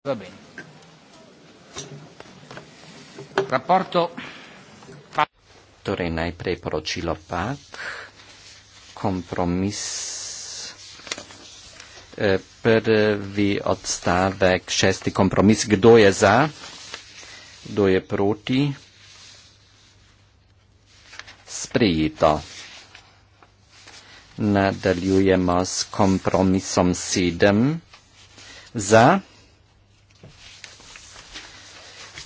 Va bene. Rapporto. Torej najprej poročilo PAK, kompromis. Eh, prvi odstavek, šesti kompromis, kdo je za, kdo je proti. Sprejito. Nadaljujemo s kompromisom sedem. Za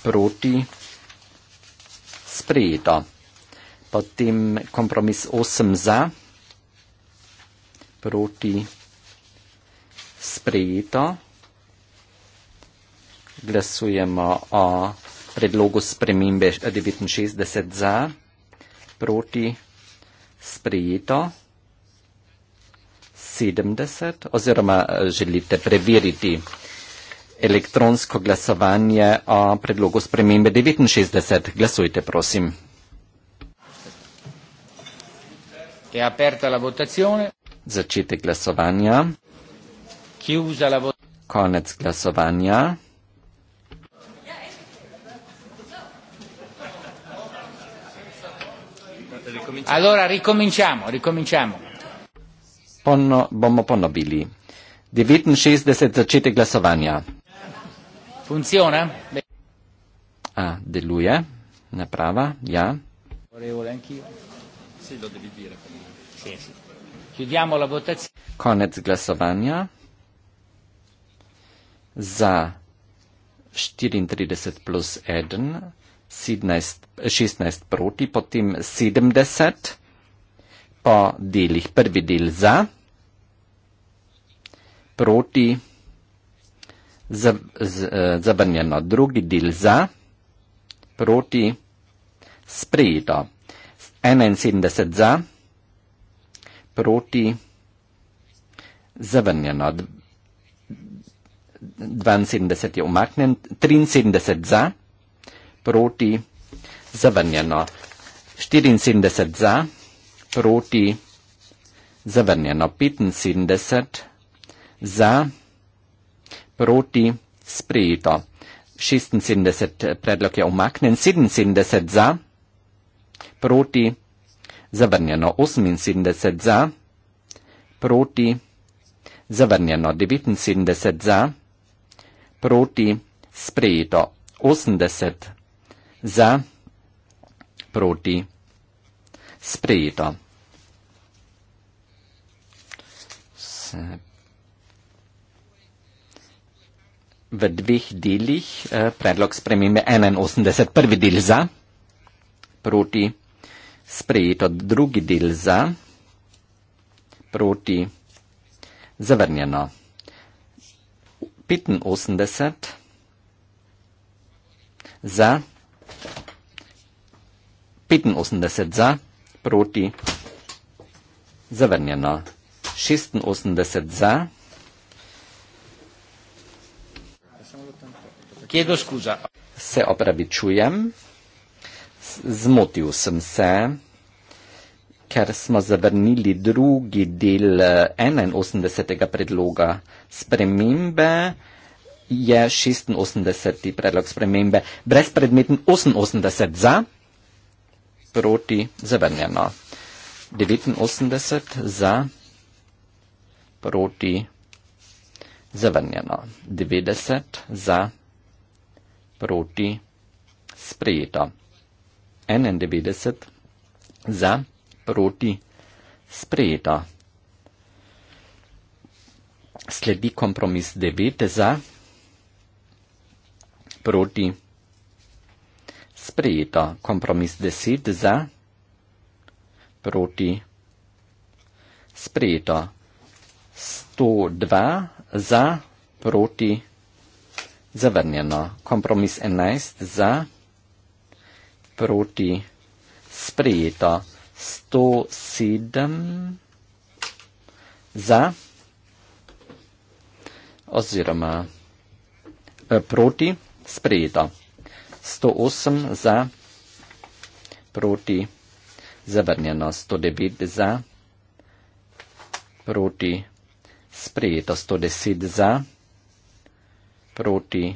proti sprejeta. Potem kompromis 8 za, proti sprejeta. Glasujemo o predlogu spremembe 69 za, proti sprejeta. 70 oziroma želite preveriti elektronsko glasovanje o predlogu spremembe 69. Glasujte, prosim. Je aperta la votazione. Začetek glasovanja. Chiusa la vot Konec glasovanja. Allora, ricominciamo, ricominciamo. Ponno, bomo ponovili. 69 začetek glasovanja. Funziona? Ah, di lui, eh? Una prova, già. Ja. Yeah. Orevole anch'io. Sì, lo devi dire. Sì, sì. Chiudiamo la votazione. Konec glasovania. Za 34 plus 1, 17, 16 proti, potem 70, po delih prvi del za, proti z, z, eh, zabrnjeno, drugi del za, proti, sprejeto. 71 za, proti, zabrnjeno. 72 je umaknen, 73 za, proti, zabrnjeno. 74 za, proti, zabrnjeno. 75 za, proti, zabrnjeno proti sprejeto. 76 predlog je omaknen, 77 za, proti zavrnjeno, 78 za, proti zavrnjeno, 79 za, proti sprejeto, 80 za, proti sprejeto. v dveh delih eh, predlog spremembe 81. Prvi del za, proti sprejeto drugi del za, proti zavrnjeno. 85 za, 85 za, proti zavrnjeno. 86 za, Chiedo scusa. Se opravičujem. Zmotil sem se, ker smo zavrnili drugi del 81. Eh, predloga spremembe. Je 86. predlog spremembe brezpredmeten 88 za, proti zavrnjeno. 89 za, proti zavrnjeno. 90 za proti sprejeta. 91 za proti sprejeta. Sledi kompromis 9 za proti sprejeta. Kompromis 10 za proti sprejeta. 102 za proti sprejeta zavrnjeno. Kompromis 11 za, proti sprejeto 107 za oziroma eh, proti sprejeto 108 za proti zavrnjeno 109 za proti sprejeto 110 za proti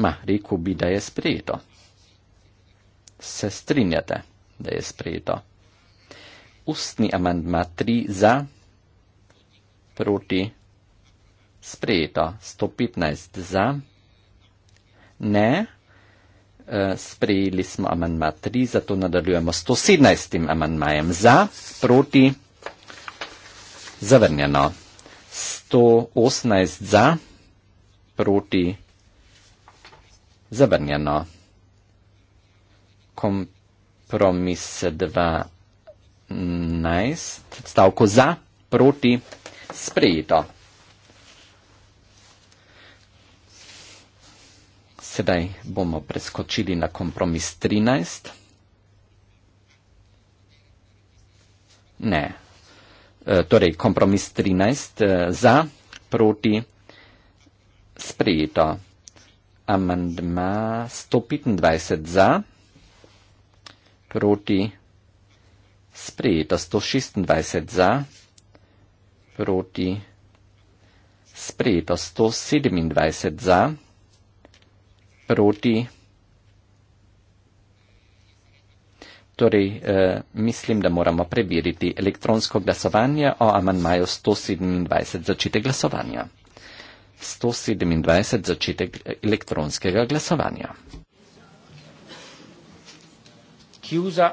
Ma, rekel bi, da je sprejeto. Se strinjate, da je sprejeto. Ustni amandma 3 za, proti, sprejeto. 115 za, ne. Eh, sprejeli smo amandma 3, zato nadaljujemo 117 amandmajem za, proti, zavrnjeno. 118 za, proti zavrnjeno. Kompromis 12, stavko za, proti sprejeto. Sedaj bomo preskočili na kompromis 13. Ne, Eh, torej kompromis 13 eh, za, proti sprejeto. Amandma 125 za, proti sprejeto 126 za, proti sprejeto 127 za, proti sprejeto. Torej, eh, mislim, da moramo preveriti elektronsko glasovanje o amanmaju 127 začete glasovanja. 127 začetek elektronskega glasovanja. Kjuza.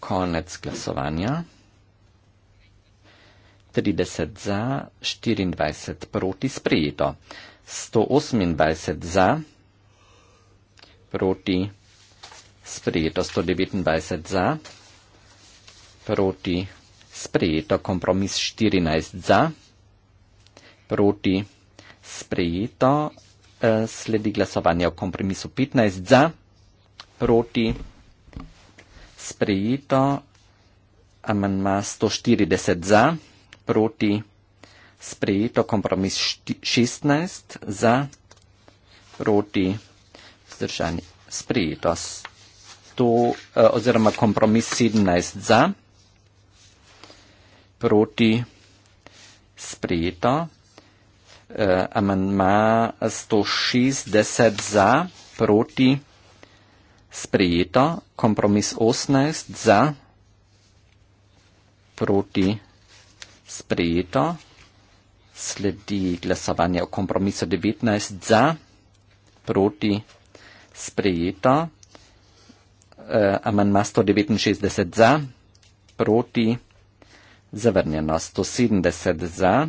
Konec glasovanja. 30 za, 24 proti sprejeto. 128 za, proti sprejeto 129 za, proti sprejeto kompromis 14 za, proti sprejeto eh, sledi glasovanje o kompromisu 15 za, proti sprejeto amenma 140 za, proti sprejeto kompromis 16 za, proti vzdržanje sprejeto tu, eh, oziroma kompromis 17 za, proti sprejeto, eh, amandma 160 za, proti sprejeto, kompromis 18 za, proti sprejeto, sledi glasovanje o kompromisu 19 za, proti sprejeto uh, amandma 169 za, proti zavrnjeno 170 za,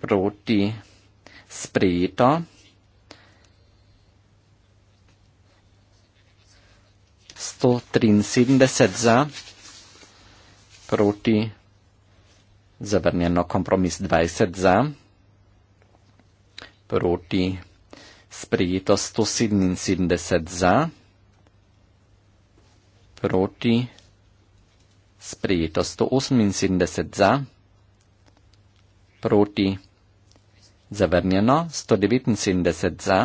proti sprejeto. sto triinsedemdeset za proti zavrnjeno kompromis dvajset za proti sprejeto sto sedeminsedemdeset za proti, sprejeto 178 za, proti, zavrnjeno 179 za,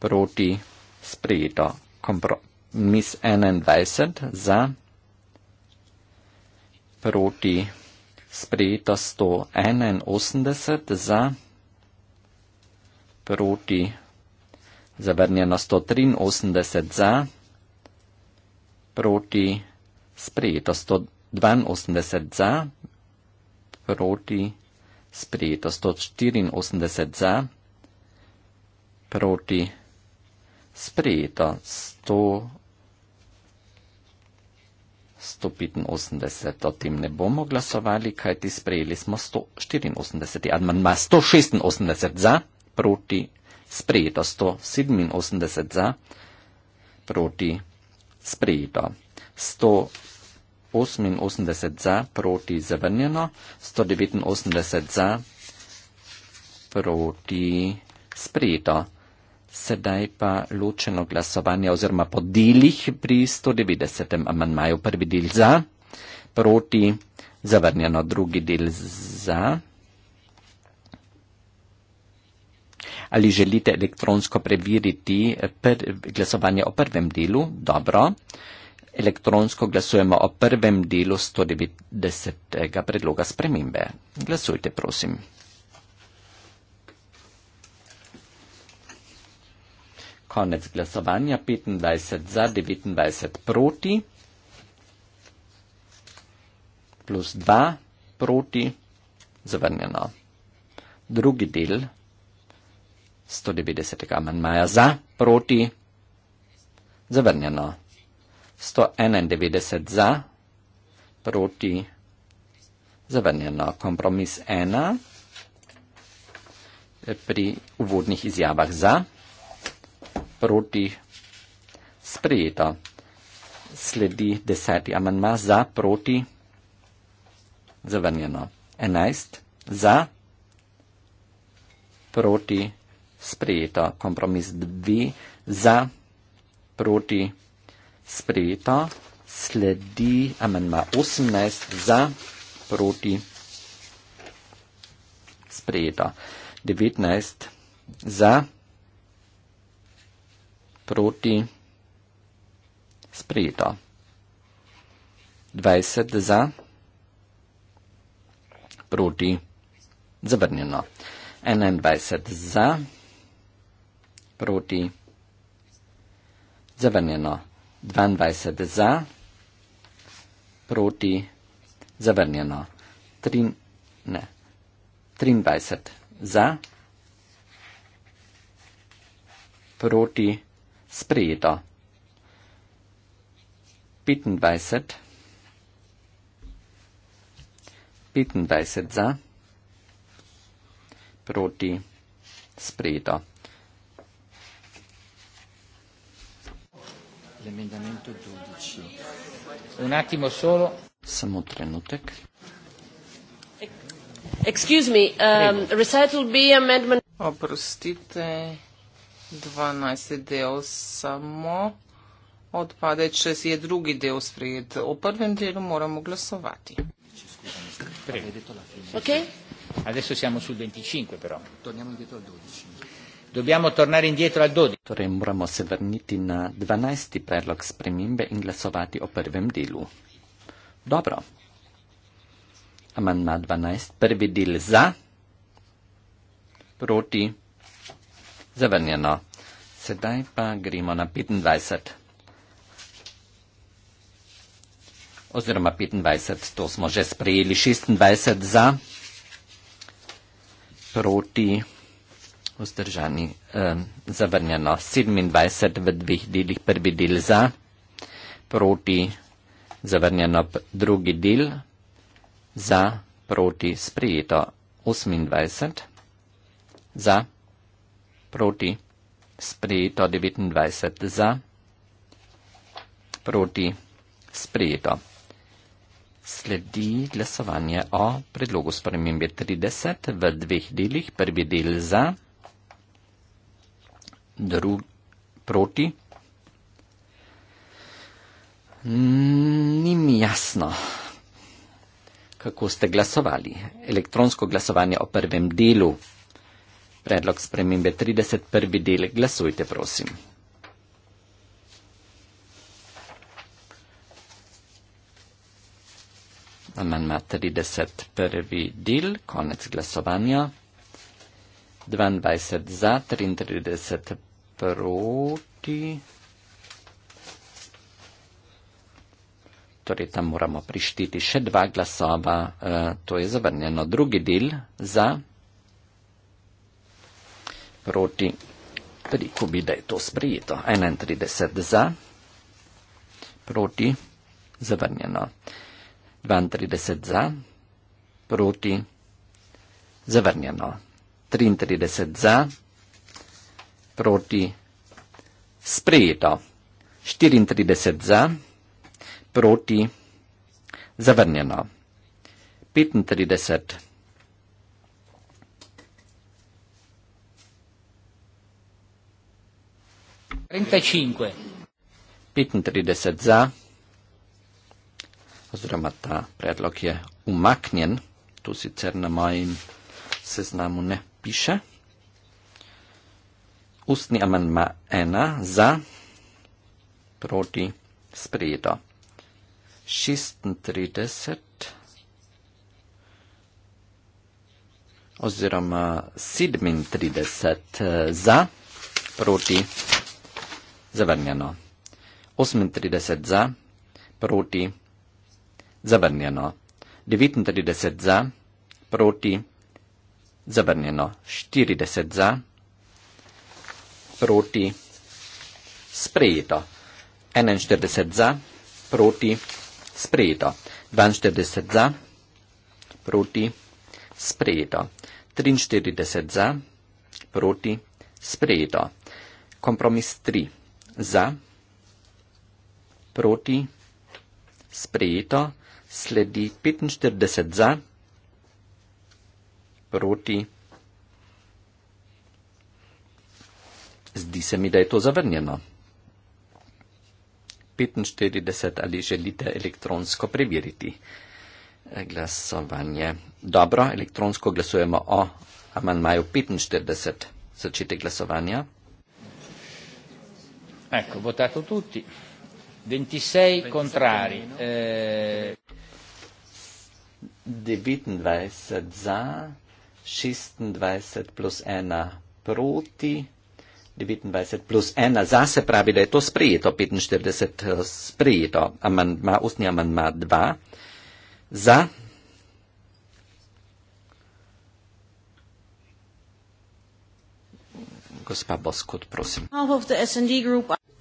proti, sprejeto kompromis 21 za, proti, sprejeto 181 za, proti, zavrnjeno 183 za, proti sprejeto 182 za, proti sprejeto 184 za, proti sprejeto 100. 185, o tem ne bomo glasovali, kajti sprejeli smo 184. Adman ima 186 za, proti sprejeto 187 za, proti sprejeto. 188 za proti zavrnjeno, 189 za proti sprejeto. Sedaj pa ločeno glasovanje oziroma po delih pri 190. amandmaju. Prvi del za, proti zavrnjeno, drugi del za. ali želite elektronsko preveriti eh, glasovanje o prvem delu, dobro. Elektronsko glasujemo o prvem delu 190. predloga spremembe. Glasujte, prosim. Konec glasovanja 25 za 29 proti plus 2 proti zavrnjeno. Drugi del 190 amandmaja za, proti, zavrnjeno. 191 za, proti, zavrnjeno. Kompromis 1 eh, pri uvodnih izjavah za, proti, sprejeto. Sledi deseti amandma za, proti, zavrnjeno. 11 za, proti, zavrnjeno sprejeto. Kompromis 2 za, proti sprejeto. Sledi amenma 18 za, proti sprejeto. 19 za, proti sprejeto. 20 za, proti zavrnjeno. 21 za, proti sprejeto proti. Zavrnjeno. 22 za, proti, zavrnjeno. Trin, ne, 23 za, proti, sprejeto. 25, 25 za, proti, sprejeto. l'emendamento 12. Un attimo solo. Siamo tre nutec. Excuse me, um, recital B amendment. Oprostite, 12 del samo. Odpade, če si je drugi del sprejet. O prvem delu moramo glasovati. Ok. Adesso siamo sul 25 però. Torniamo indietro al 12. Dobbiamo tornare indietro al 12. Torej moramo se vrniti na 12. predlog spremembe in glasovati o prvem delu. Dobro. Amandma 12. Prvi del za. Proti. Zavrnjeno. Sedaj pa gremo na 25. Oziroma 25, to smo že sprejeli. 26 za. Proti vzdržani um, zavrnjeno. 27 v dveh delih, prvi del za, proti zavrnjeno, drugi del za, proti sprejeto. 28 za, proti sprejeto. 29 za, proti sprejeto. Sledi glasovanje o predlogu spremembe 30 v dveh delih, prvi del za drug proti. Ni mi jasno, kako ste glasovali. Elektronsko glasovanje o prvem delu. Predlog spremembe 31. del. Glasujte, prosim. Amanma 31. del, konec glasovanja. 22 za, 33 proti proti. Torej, tam moramo prištiti še dva glasova, e, to je zavrnjeno. Drugi del za proti. Tudi, ko bi da je to sprejeto. 31 za proti, zavrnjeno. 32 za proti, zavrnjeno. 33 za proti proti sprejeta, 34 za, proti zavrnjena, 35 35. 35 za, oziroma ta predlog je umaknjen, to sicer na mojem seznamu ne piše ustni amandma 1 za proti sprejeto. 36 oziroma 37 eh, za proti zavrnjeno. 38 za proti zavrnjeno. 39 za proti zavrnjeno. 40 za proti zavrnjeno proti sprejeta. 41 za proti sprejeta. 42 za proti sprejeta. 43 za proti sprejeta. Kompromis 3 za proti sprejeta. Sledi 45 za proti sprejeta. Zdi se mi, da je to zavrnjeno. 45 ali želite elektronsko preveriti glasovanje. Dobro, elektronsko glasujemo o amanmaju 45. Začete glasovanja. Ecco, votato tutti. 26 contrari. 29 eh, za, 26 plus 1 proti. 29 plus 1 za se pravi, da je to sprejeto, 45 eh, sprejeto, amandma, ustni amandma 2 za. Gospa Boskot, prosim.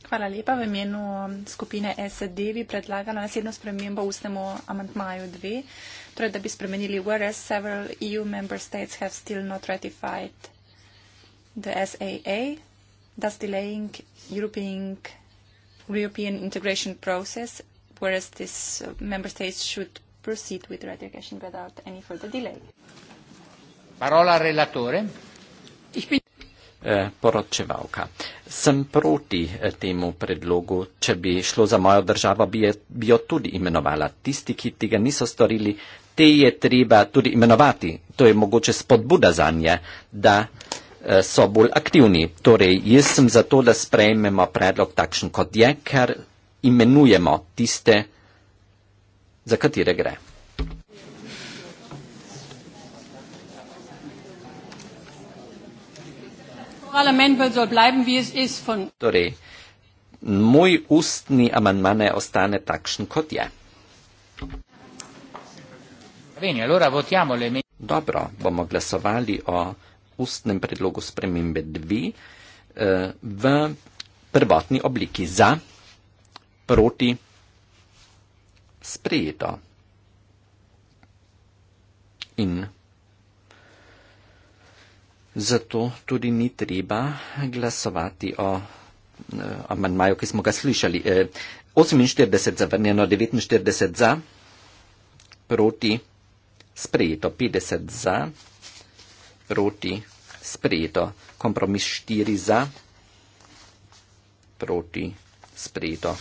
Hvala lepa. V imenu um, skupine SD e bi predlagala naslednjo spremembo ustnemu amantmaju 2, torej da bi spremenili whereas several EU member states have still not ratified the SAA Does delaying European European integration process, whereas this uh, member states should proceed with ratification without any further delay? Parola relatore. Eh, poročevalka. Sem proti eh, temu predlogu, če bi šlo za mojo državo, bi, je, bi jo tudi imenovala. Tisti, ki tega niso storili, te je treba tudi imenovati. To je mogoče spodbuda za nje, da uh, Eh, so bolj aktivni. Torej, jaz sem zato, da sprejmemo predlog takšen, kot je, ker imenujemo tiste, za katere gre. Torej, moj ustni amandman ne ostane takšen, kot je. Dobro, bomo glasovali o ustnem predlogu spremembe dve eh, v prvotni obliki za, proti, sprejeto. In zato tudi ni treba glasovati o eh, amandmaju, ki smo ga slišali. 48 eh, zavrnjeno, 49 za, proti, sprejeto, 50 za, proti, sprejeto. Kompromis 4 za, proti sprejeto.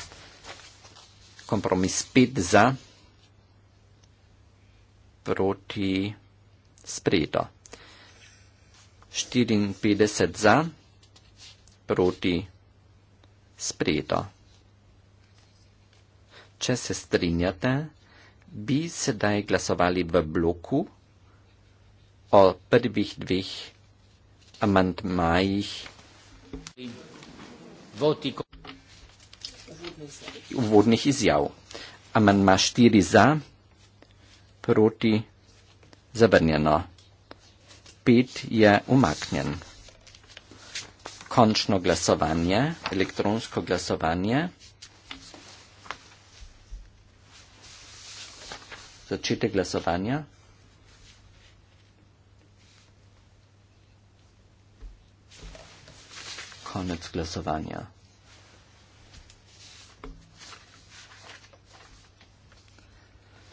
Kompromis 5 za, proti sprejeto. 54 za, proti sprejeto. Če se strinjate, bi sedaj glasovali v bloku o prvih dveh amandmajih uvodnih izjav. Amandma 4 za, proti zabrnjeno. 5 je umaknjen. Končno glasovanje, elektronsko glasovanje. Začetek glasovanja. koniec głosowania.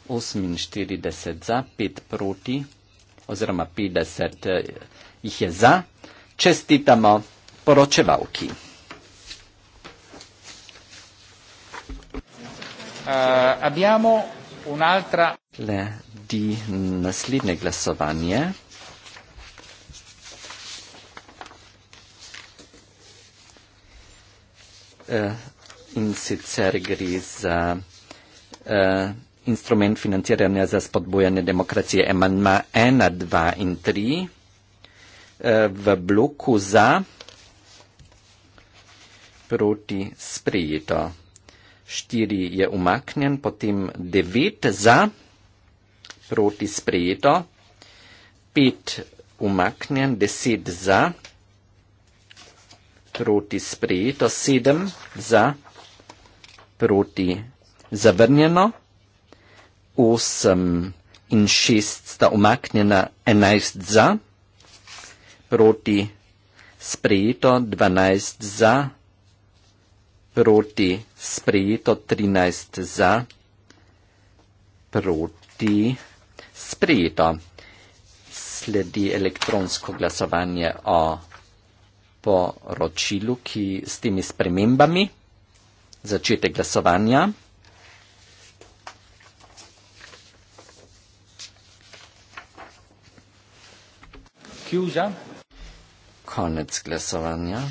Osmin 40 za, 5 proti, oziroma 50 eh, jih je za. Čestitamo poročevalki. Uh, abbiamo un'altra. Le di naslednje glasovanje. Eh, in sicer gre za eh, instrument financiranja za spodbojanje demokracije MNM 1, 2 in 3 eh, v bloku za proti sprejeto. 4 je umaknjen, potem 9 za proti sprejeto, 5 umaknjen, 10 za proti sprejeto proti sprejeto, sedem za, proti zavrnjeno, osem in šest sta omaknjena, enajst za, proti sprejeto, dvanajst za, proti sprejeto, trinajst za, proti sprejeto. Sledi elektronsko glasovanje o poročilu, ki s temi spremembami začete glasovanja. Kjuza. Konec glasovanja.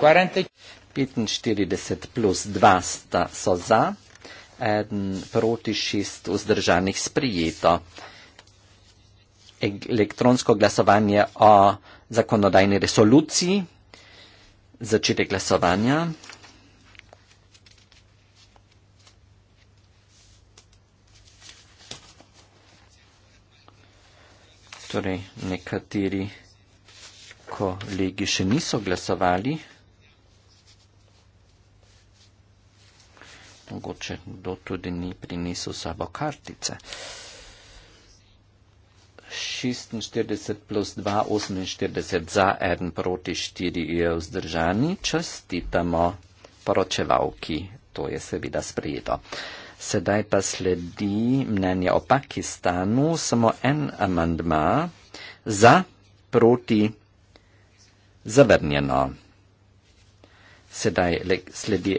Quarente. 45 plus 2 sta, so za, en proti 6 vzdržanih sprijeto elektronsko glasovanje o zakonodajni resoluciji, začetek glasovanja. Torej, nekateri kolegi še niso glasovali. Mogoče kdo tudi ni prinesel sabo kartice. Uh, 46 plus 2, 48 za, 1 proti 4 je vzdržani. Čestitamo poročevalki, to je seveda sprejeto. Sedaj pa sledi mnenje o Pakistanu, samo en amandma za, proti, zavrnjeno. Sedaj le, sledi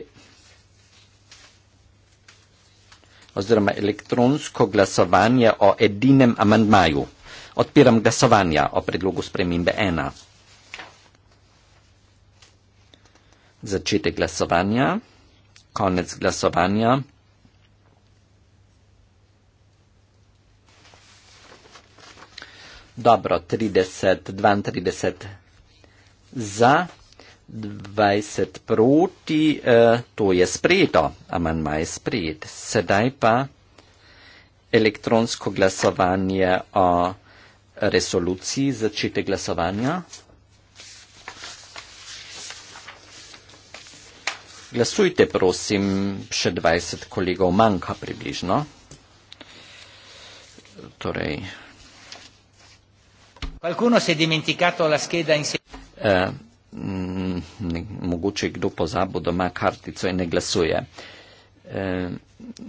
oziroma elektronsko glasovanje o edinem amandmaju. Odpiram glasovanja o predlogu spremembe 1. Začetek glasovanja, konec glasovanja. Dobro, 30, 32 za, 20 proti, eh, to je sprejeto, amanma je sprejet. Sedaj pa elektronsko glasovanje o resoluciji začete glasovanja. Glasujte, prosim, še 20 kolegov manjka približno. Torej. Eh, ne, mogoče kdo pozabo doma kartico in ne glasuje. E, eh,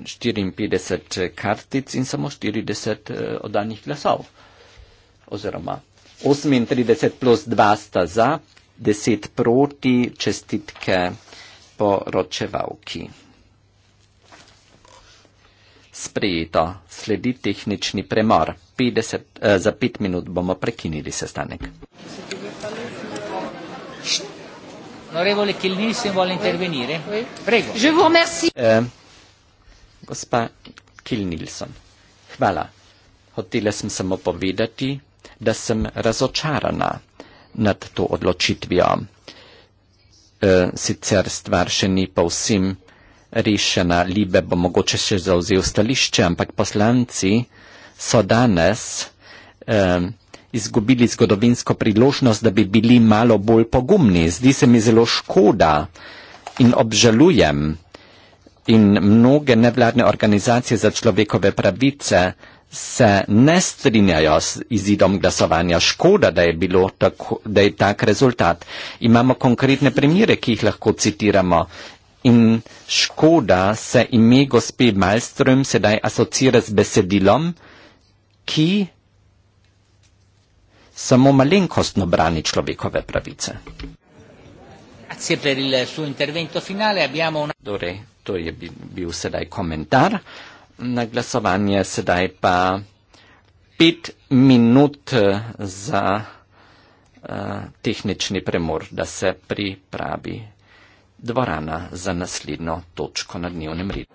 54 kartic in samo 40 eh, oddanih glasov oziroma 38 plus 2 sta za, 10 proti, čestitke poročevalki. Sprejeto, sledi tehnični premor. 50, eh, za 5 minut bomo prekinili sestanek. Onorevole Kilnisen vuole intervenire. Prego. Je vous remercie. Eh, gospa Kilnilson, hvala. Hotela sem samo povedati, da sem razočarana nad to odločitvijo. E, sicer stvar še ni pa vsem rešena, Libe bo mogoče še zauzel stališče, ampak poslanci so danes e, izgubili zgodovinsko priložnost, da bi bili malo bolj pogumni. Zdi se mi zelo škoda in obžalujem. In mnoge nevladne organizacije za človekove pravice se ne strinjajo z izidom glasovanja. Škoda, da je, bilo tako, da je tak rezultat. Imamo konkretne primere, ki jih lahko citiramo. In škoda se ime gospe Malström sedaj asocira z besedilom, ki samo malenkostno brani človekove pravice. Torej, to je bil sedaj komentar na glasovanje sedaj pa pet minut eh, za uh, tehnični premor, da se pripravi dvorana za naslednjo točko na dnevnem redu.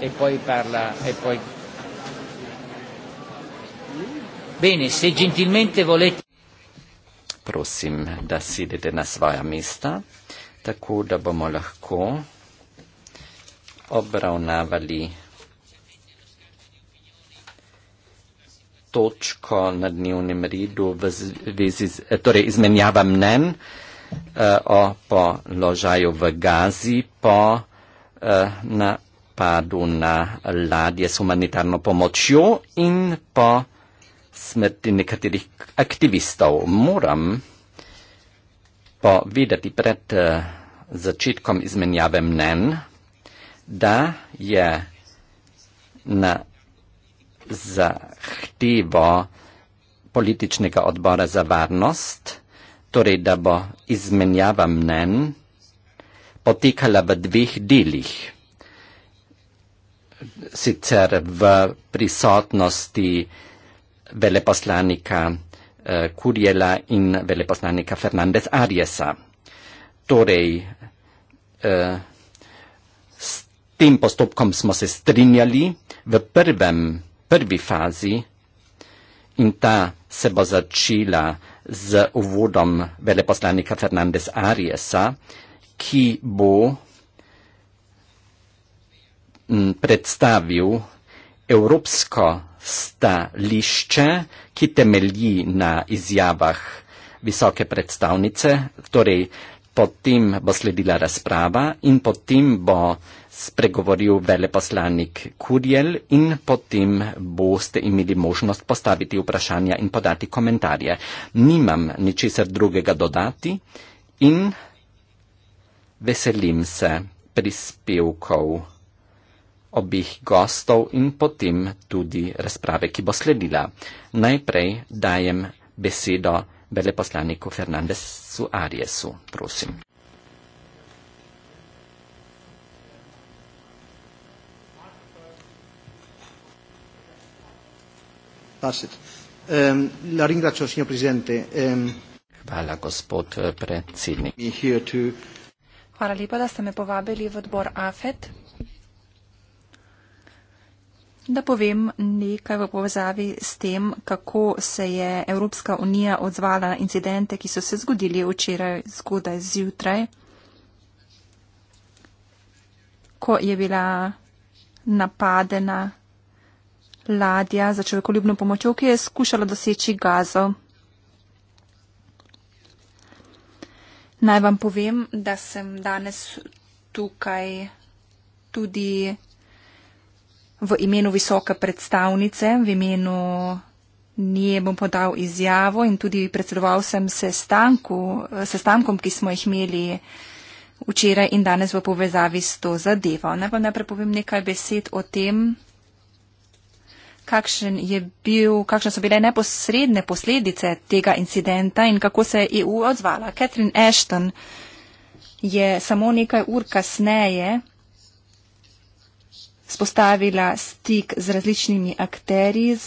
e poi parla e poi bene se gentilmente volete prosim da sedete na svoja mesta tako da bomo lahko obravnavali točko na dnevnem redu v zvezi z, torej izmenjava mnen uh, o položaju v Gazi po Eh, napadu na ladje s humanitarno pomočjo in po smrti nekaterih aktivistov. Moram povedati pred eh, začetkom izmenjave mnen, da je na zahtevo političnega odbora za varnost, torej da bo izmenjava mnen, potekala v dveh delih. Sicer v prisotnosti veleposlanika eh, Kurjela in veleposlanika Fernandez Ariesa. Torej, eh, s tem postopkom smo se strinjali v prvem, prvi fazi in ta se bo začela z uvodom veleposlanika Fernandez Ariesa ki bo predstavil evropsko stališče, ki temelji na izjavah visoke predstavnice, torej potem bo sledila razprava in potem bo spregovoril veleposlanik Kurjel in potem boste imeli možnost postaviti vprašanja in podati komentarje. Nimam ničesar drugega dodati in veselim se prispevkov obih gostov in potem tudi razprave, ki bo sledila. Najprej dajem besedo veleposlaniku Fernandesu Ariesu. Prosim. Hvala, gospod eh, predsednik. Hvala lepa, da ste me povabili v odbor AFET. Da povem nekaj v povezavi s tem, kako se je Evropska unija odzvala na incidente, ki so se zgodili včeraj zgodaj zjutraj, ko je bila napadena ladja za človekoljubno pomočjo, ki je skušala doseči gazo. Naj vam povem, da sem danes tukaj tudi v imenu visoke predstavnice, v imenu nje bom podal izjavo in tudi predsedoval sem sestankom, se ki smo jih imeli včeraj in danes v povezavi s to zadevo. Naj vam najprej povem nekaj besed o tem, kakšen je bil, kakšne so bile neposredne posledice tega incidenta in kako se je EU odzvala. Catherine Ashton je samo nekaj ur kasneje spostavila stik z različnimi akteri, z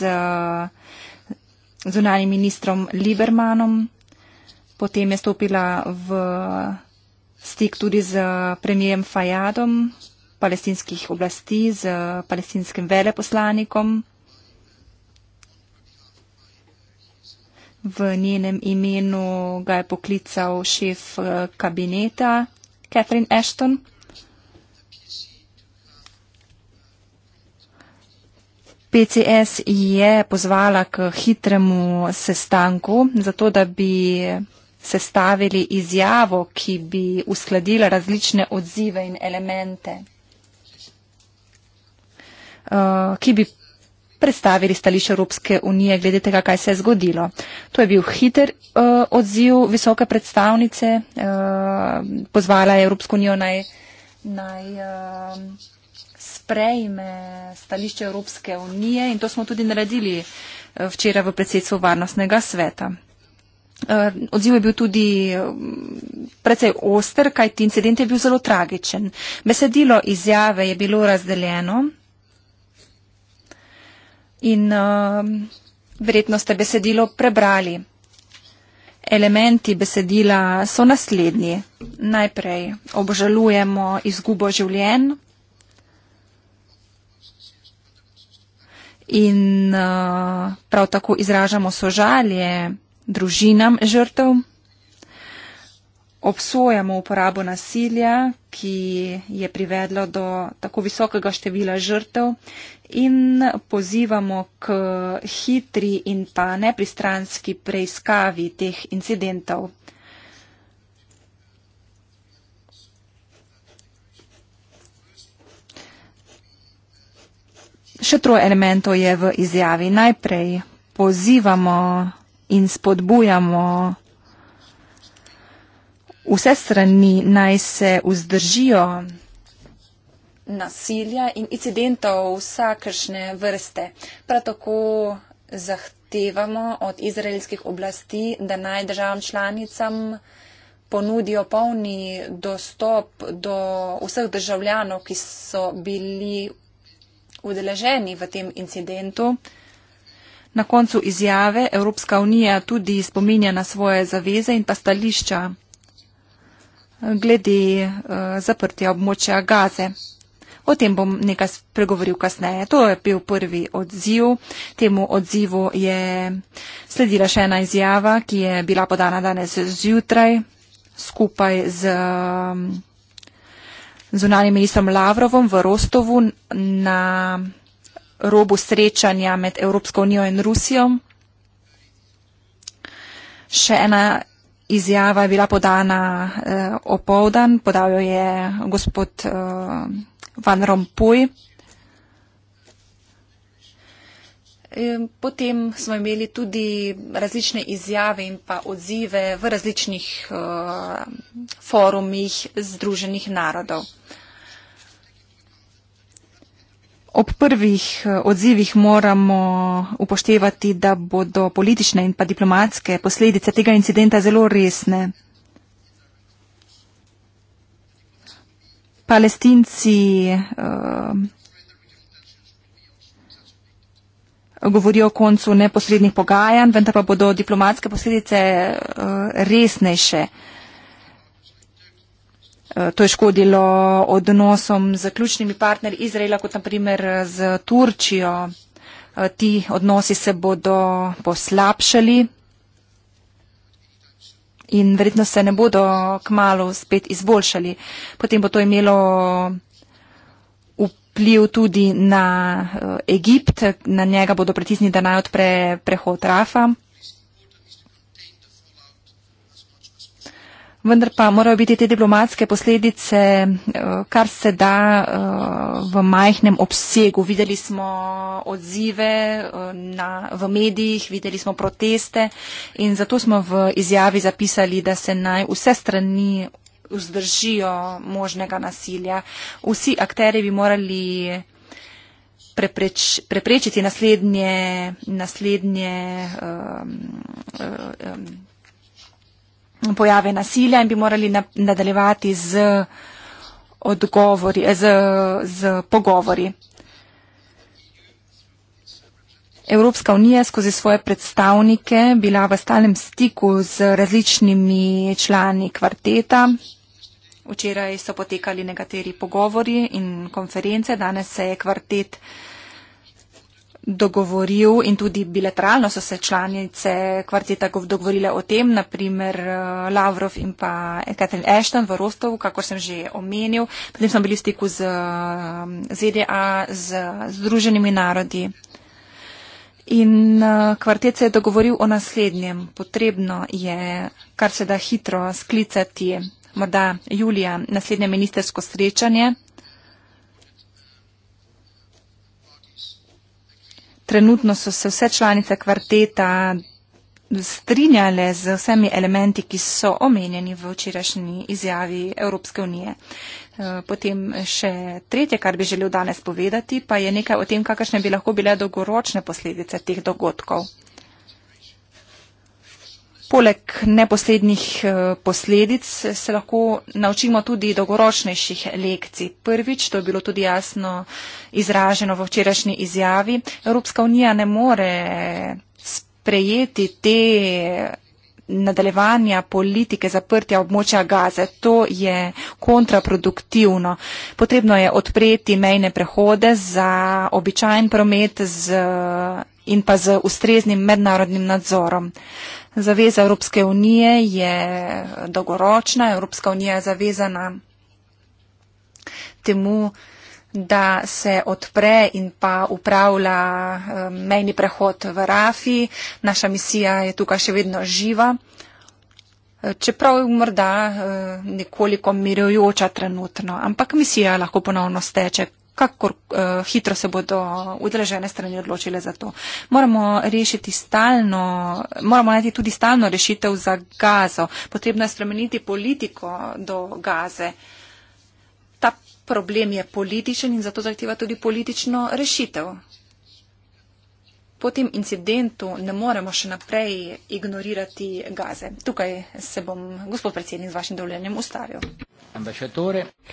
zunanjim ministrom Libermanom, potem je stopila v stik tudi z premijem Fajadom palestinskih oblasti, z palestinskim veleposlanikom. v njenem imenu ga je poklical šef eh, kabineta Catherine Ashton. PCS je pozvala k hitremu sestanku, zato da bi sestavili izjavo, ki bi uskladila različne odzive in elemente, eh, ki bi predstavili stališče Evropske unije glede tega, kaj se je zgodilo. To je bil hiter uh, odziv visoke predstavnice. Uh, pozvala je Evropsko unijo naj, naj uh, sprejme stališče Evropske unije in to smo tudi naredili včeraj v predsedstvu Varnostnega sveta. Odziv je bil tudi precej oster, kajti incident je bil zelo tragičen. Besedilo izjave je bilo razdeljeno in uh, verjetno ste besedilo prebrali. Elementi besedila so naslednji. Najprej obžalujemo izgubo življen in uh, prav tako izražamo sožalje družinam žrtev. Obsojamo uporabo nasilja, ki je privedlo do tako visokega števila žrtev in pozivamo k hitri in pa nepristranski preiskavi teh incidentov. Še troj elementov je v izjavi. Najprej pozivamo in spodbujamo vse strani naj se vzdržijo nasilja in incidentov vsakršne vrste. Prav tako zahtevamo od izraelskih oblasti, da naj državam članicam ponudijo polni dostop do vseh državljanov, ki so bili udeleženi v tem incidentu. Na koncu izjave Evropska unija tudi spominja na svoje zaveze in pa stališča glede eh, zaprtja območja Gaze. O tem bom nekaj spregovoril kasneje. To je bil prvi odziv. Temu odzivu je sledila še ena izjava, ki je bila podana danes zjutraj skupaj z mm, zunanjim ministrom Lavrovom v Rostovu na robu srečanja med Evropsko unijo in Rusijo. Še ena izjava je bila podana eh, opovdan, podal jo je gospod eh, Van Rompuy. Ehm, potem smo imeli tudi različne izjave in pa odzive v različnih uh, forumih Združenih narodov. Uh, ob prvih eh, odzivih moramo upoštevati, da bodo politične in pa diplomatske posledice tega incidenta zelo resne. Palestinci uh, govorijo o koncu neposrednih pogajanj, vendar pa bodo diplomatske posledice uh, resnejše. Uh, Eh, to je škodilo odnosom z ključnimi partnerji Izraela, kot naprimer eh, z Turčijo. Eh, ti odnosi se bodo poslabšali in verjetno se ne bodo kmalo spet izboljšali. Potem bo to imelo vpliv tudi na Egipt, na njega bodo pritisnili, da naj odpre prehod Rafa. vendar pa morajo biti te diplomatske posledice eh, kar se da eh, v majhnem obsegu. Videli smo odzive eh, na, v medijih, videli smo proteste in zato smo v izjavi zapisali, da se naj vse strani vzdržijo možnega nasilja. Vsi akteri bi morali preprečiti naslednje, naslednje um, um, pojave nasilja in bi morali nadaljevati z, odgovori, z, z pogovori. Evropska unija skozi svoje predstavnike bila v stalnem stiku z različnimi člani kvarteta. Včeraj so potekali nekateri pogovori in konference, danes se je kvartet dogovoril in tudi bilateralno so se članice kvarteta dogovorile o tem, naprimer eh, Lavrov in pa Katrin Ashton v Rostovu, kakor sem že omenil. Potem smo bili v stiku z eh, ZDA, z Združenimi narodi. In eh, kvartet se je dogovoril o naslednjem. Potrebno je kar se da hitro sklicati, morda julija, naslednje ministersko srečanje. trenutno so se vse članice kvarteta strinjale z vsemi elementi, ki so omenjeni v včerajšnji izjavi Evropske unije. Eh, potem še tretje, kar bi želel danes povedati, pa je nekaj o tem, kakšne bi lahko bile dolgoročne posledice teh dogodkov. Poleg neposrednih eh, posledic se lahko naučimo tudi dolgoročnejših lekcij. Prvič, to je bilo tudi jasno izraženo v včerajšnji izjavi, Evropska unija ne more sprejeti te nadaljevanja politike zaprtja območja gaze. To je kontraproduktivno. Potrebno je odpreti mejne prehode za običajen promet z, in pa z ustreznim mednarodnim nadzorom. Zaveza Evropske unije je dolgoročna. Evropska unija je zavezana temu, da se odpre in pa upravlja eh, mejni prehod v Rafi. Naša misija je tukaj še vedno živa. Eh, čeprav je morda eh, nekoliko mirujoča trenutno, ampak misija lahko ponovno steče, kakor eh, hitro se bodo udeležene strani odločile za to. Moramo rešiti stalno, moramo najti tudi stalno rešitev za gazo. Potrebno je spremeniti politiko do gaze. Ta problem je političen in zato zahteva tudi politično rešitev po tem incidentu ne moremo še naprej ignorirati gaze. Tukaj se bom, gospod predsednik, z vašim dovoljenjem ustavil.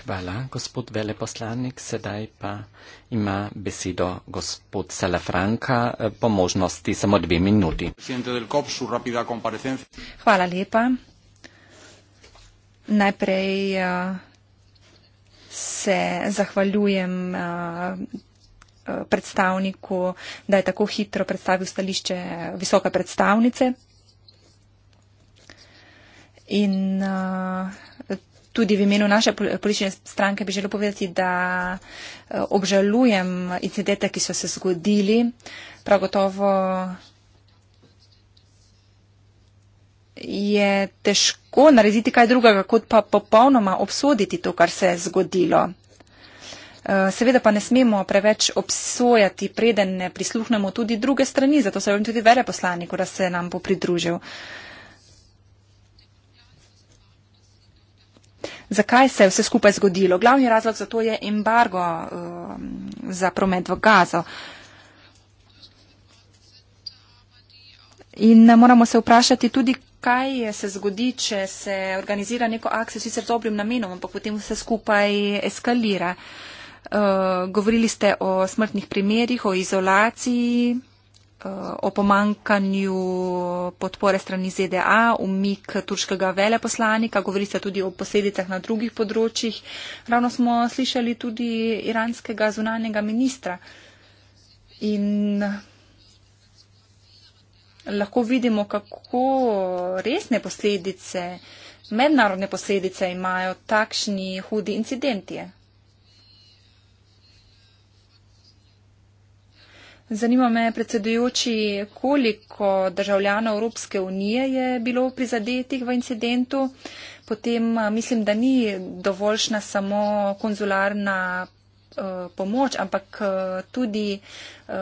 Hvala, gospod veleposlanik. Sedaj pa ima besedo gospod Salafranka, po možnosti samo dve minuti. Hvala lepa. Najprej eh, se zahvaljujem eh, predstavniku, da je tako hitro predstavil stališče visoke predstavnice. In eh, tudi v imenu naše politične stranke bi želel povedati, da eh, obžalujem incidente, ki so se zgodili. Prav gotovo je težko narediti kaj drugega, kot pa popolnoma obsoditi to, kar se je zgodilo. Seveda pa ne smemo preveč obsojati, preden ne prisluhnemo tudi druge strani, zato se vam tudi veleposlanik, da se nam bo pridružil. Zakaj se je vse skupaj zgodilo? Glavni razlog za to je embargo uh, za promet v gazo. In moramo se vprašati tudi, kaj se zgodi, če se organizira neko akcijo, sicer z dobrim namenom, ampak potem vse skupaj eskalira. Uh, Eh, govorili ste o smrtnih primerjih, o izolaciji, eh, o pomankanju podpore strani ZDA, umik turškega veleposlanika, govorili ste tudi o posledicah na drugih področjih. Ravno smo slišali tudi iranskega zunanjega ministra. In lahko vidimo, kako resne posledice, mednarodne posledice imajo takšni hudi incidentje. Zanima me, predsedujoči, koliko državljanov Evropske unije je bilo prizadetih v incidentu. Potem mislim, da ni dovoljšna samo konzularna uh, pomoč, ampak uh, tudi uh,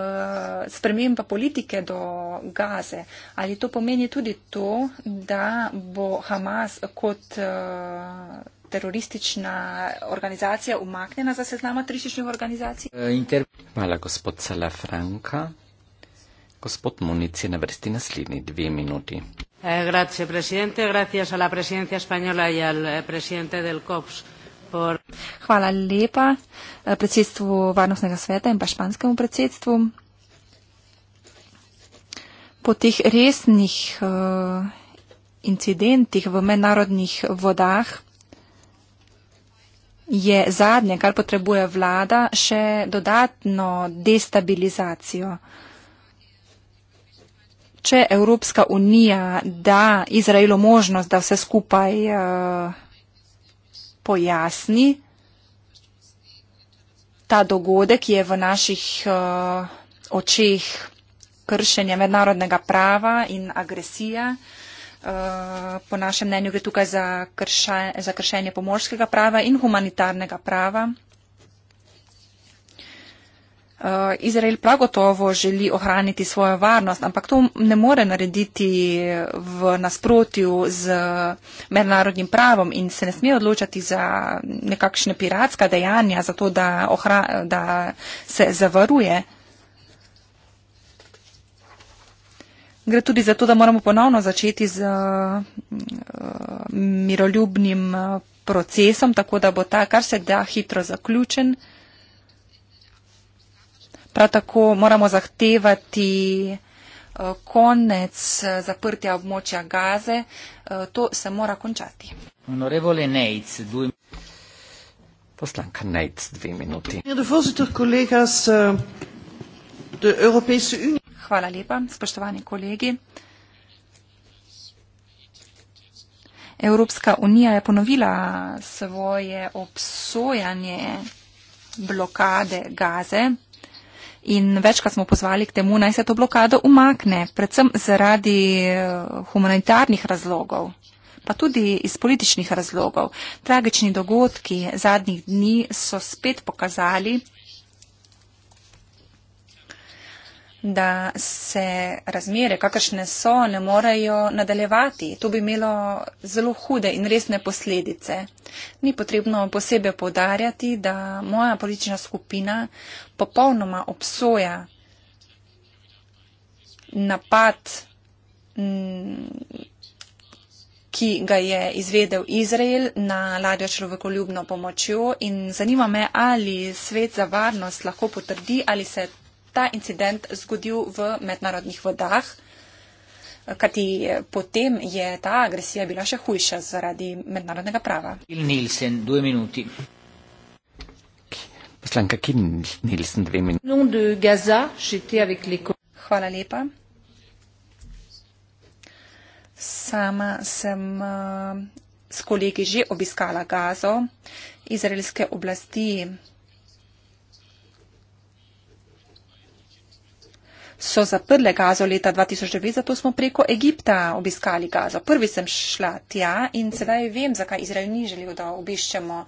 sprememba politike do gaze. Ali to pomeni tudi to, da bo Hamas kot. Uh, teroristična organizacija umaknjena za seznama terorističnih organizacij? Eh, inter... Hvala, gospod Cela Franka. Gospod Munic je na vrsti naslednji dve minuti. Eh, eh, Hvala lepa predsedstvu Varnostnega sveta in pa španskemu predsedstvu. Po teh resnih uh, incidentih v mednarodnih vodah je zadnje, kar potrebuje vlada, še dodatno destabilizacijo. Če Evropska unija da Izraelu možnost, da vse skupaj eh, pojasni ta dogodek, je v naših eh, očeh kršenje mednarodnega prava in agresija. Eh, po našem mnenju gre tukaj za, kršen, za kršenje pomorskega prava in humanitarnega prava. Eh, Izrael prav gotovo želi ohraniti svojo varnost, ampak to ne more narediti v nasprotju z mednarodnim pravom in se ne sme odločati za nekakšne piratska dejanja, za to, da, ohra, da se zavaruje. Gre tudi za to, da moramo ponovno začeti z eh, miroljubnim eh, procesom, tako da bo ta, kar se da, hitro zaključen. Prav tako moramo zahtevati eh, konec zaprtja območja gaze. To se mora končati. Poslanka Nejc, dve minuti. Hvala lepa, spoštovani kolegi. Evropska unija je ponovila svoje obsojanje blokade gaze in večkrat smo pozvali k temu, naj se to blokado umakne, predvsem zaradi eh, humanitarnih razlogov, pa tudi iz političnih razlogov. Tragični dogodki zadnjih dni so spet pokazali, da se razmere, kakršne so, ne morejo nadaljevati. To bi imelo zelo hude in resne posledice. Ni potrebno posebej povdarjati, da moja politična skupina popolnoma obsoja napad, mm, ki ga je izvedel Izrael na ladjo človekoljubno pomočjo in zanima me, ali svet za varnost lahko potrdi, ali se ta incident zgodil v mednarodnih vodah, kajti potem je ta agresija bila še hujša zaradi mednarodnega prava. Poslanka Kim Nilsen, dve minuti. Hvala lepa. Sama sem eh, s kolegi že obiskala Gazo. Izraelske oblasti so zaprle gazo leta 2009, zato smo preko Egipta obiskali gazo. Prvi sem šla tja in sedaj vem, zakaj Izrael ni želel, da obiščemo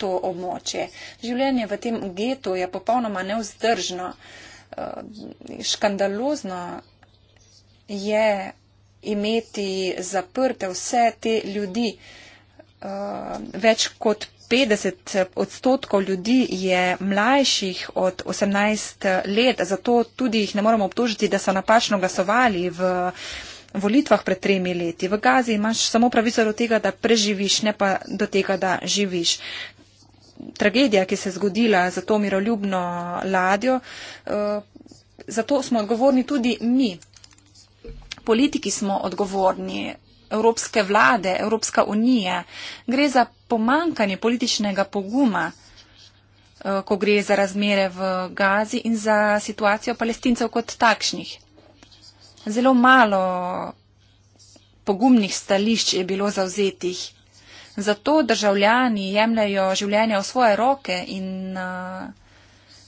to območje. Življenje v tem getu je popolnoma neuzdržno, eh, škandalozno je imeti zaprte vse te ljudi eh, več kot 50 odstotkov ljudi je mlajših od 18 let, zato tudi jih ne moremo obtožiti, da so napačno glasovali v volitvah pred tremi leti. V Gazi imaš samo pravico do tega, da preživiš, ne pa do tega, da živiš. Tragedija, ki se je zgodila za to miroljubno ladjo, eh, zato smo odgovorni tudi mi. Politiki smo odgovorni evropske vlade, Evropska unija. Gre za pomankanje političnega poguma, eh, ko gre za razmere v Gazi in za situacijo palestincev kot takšnih. Zelo malo pogumnih stališč je bilo zauzetih. Zato državljani jemljajo življenja v svoje roke in eh,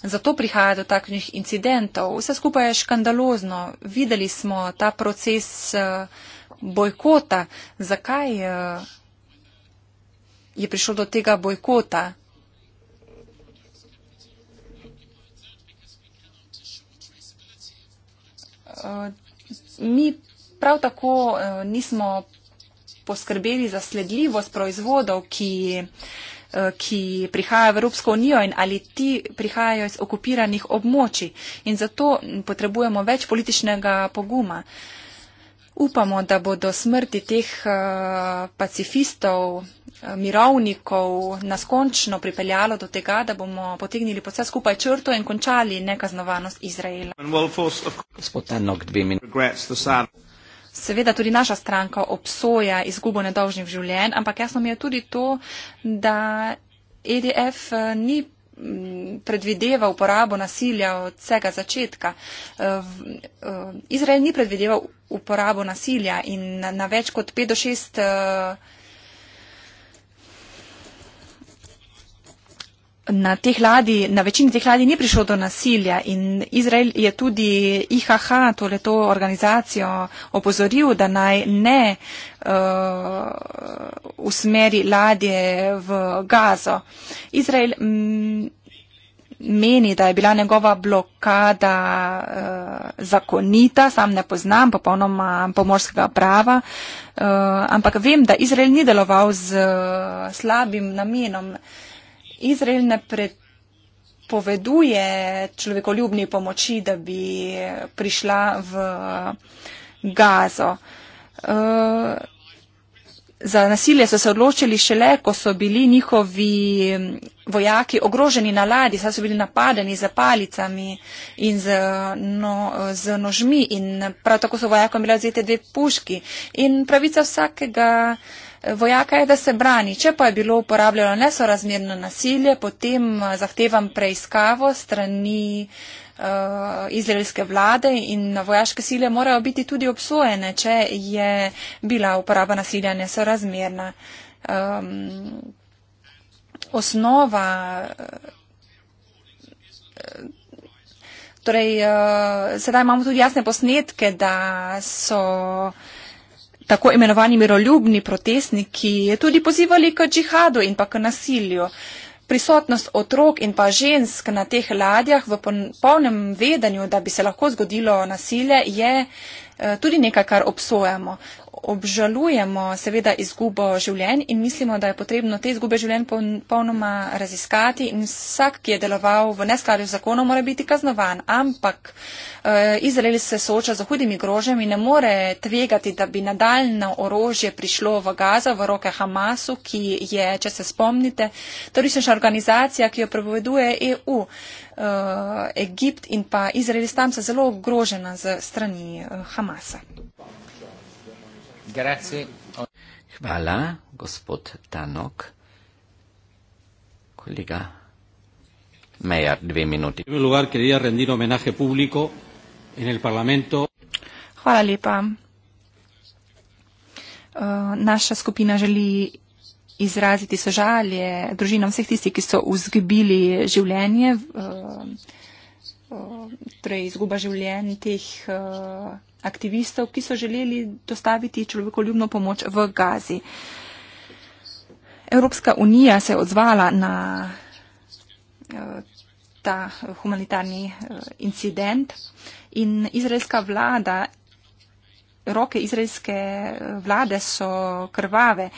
Zato prihaja do takšnih incidentov. Vse skupaj je škandalozno. Videli smo ta proces uh, bojkota. Zakaj eh, je prišlo do tega bojkota? Eh, mi prav tako eh, nismo poskrbeli za sledljivost proizvodov, ki, ki prihajajo v Evropsko unijo in ali ti prihajajo iz okupiranih območij. In zato potrebujemo več političnega poguma upamo, da bo do smrti teh uh, pacifistov, eh, mirovnikov nas končno pripeljalo do tega, da bomo potegnili pod vse skupaj črto in končali nekaznovanost Izraela. Seveda tudi naša stranka obsoja izgubo nedolžnih življenj, ampak jasno mi je tudi to, da. EDF eh, ni Mm, predvideva uporabo nasilja od vsega začetka. Eh, eh, Izrael ni predvideval uporabo nasilja in na več kot 5 do 6 na teh ladji, na večini teh ladij ni prišlo do nasilja in Izrael je tudi IHH, torej to organizacijo, opozoril, da naj ne uh, usmeri ladje v Gazo. Izrael meni, da je bila njegova blokada uh, zakonita, sam ne poznam popolnoma pomorskega prava, uh, ampak vem, da Izrael ni deloval z uh, slabim namenom. Uh, Izrael ne predpoveduje človekoljubni pomoči, da bi prišla v gazo. Eh, za nasilje so se odločili šele, ko so bili njihovi vojaki ogroženi na ladji, saj so bili napadeni z palicami in z, no, z nožmi in prav tako so vojakom bile vzete dve puški. In pravica vsakega uh, vojaka je, da se brani. Če pa je bilo uporabljeno nesorazmerno nasilje, potem eh, zahtevam preiskavo strani eh, izraelske vlade in vojaške sile morajo biti tudi obsojene, če je bila uporaba nasilja nesorazmerna. Um, osnova, eh, torej, uh, sedaj imamo tudi jasne posnetke, da so uh, tako imenovani miroljubni protestniki je tudi pozivali k džihadu in pa k nasilju. Prisotnost otrok in pa žensk na teh ladjah v polnem vedenju, da bi se lahko zgodilo nasilje, je eh, tudi nekaj, kar obsojamo obžalujemo seveda izgubo življenj in mislimo, da je potrebno te izgube življenj polnoma raziskati in vsak, ki je deloval v neskladju z zakonom, mora biti kaznovan. Ampak eh, Izrael se sooča z hudimi grožami in ne more tvegati, da bi nadaljno orožje prišlo v Gaza, v roke Hamasu, ki je, če se spomnite, turistična organizacija, ki jo prepoveduje EU. Eh, Egipt in pa Izrael sta zelo ogrožena z strani eh, Hamasa. Grazie. Hvala, gospod Tanok. Kolega Mejar, dve minuti. V prvem lugar, ker je rendil homenaje publiko in el parlamento. Hvala lepa. Uh, naša skupina želi izraziti sožalje družinam vseh tistih, ki so vzgibili življenje. V, torej izguba življenj teh e, aktivistov, ki so želeli dostaviti človekoljubno pomoč v Gazi. Evropska unija se je odzvala na e, ta humanitarni e, incident in izraelska vlada, roke izraelske vlade so krvave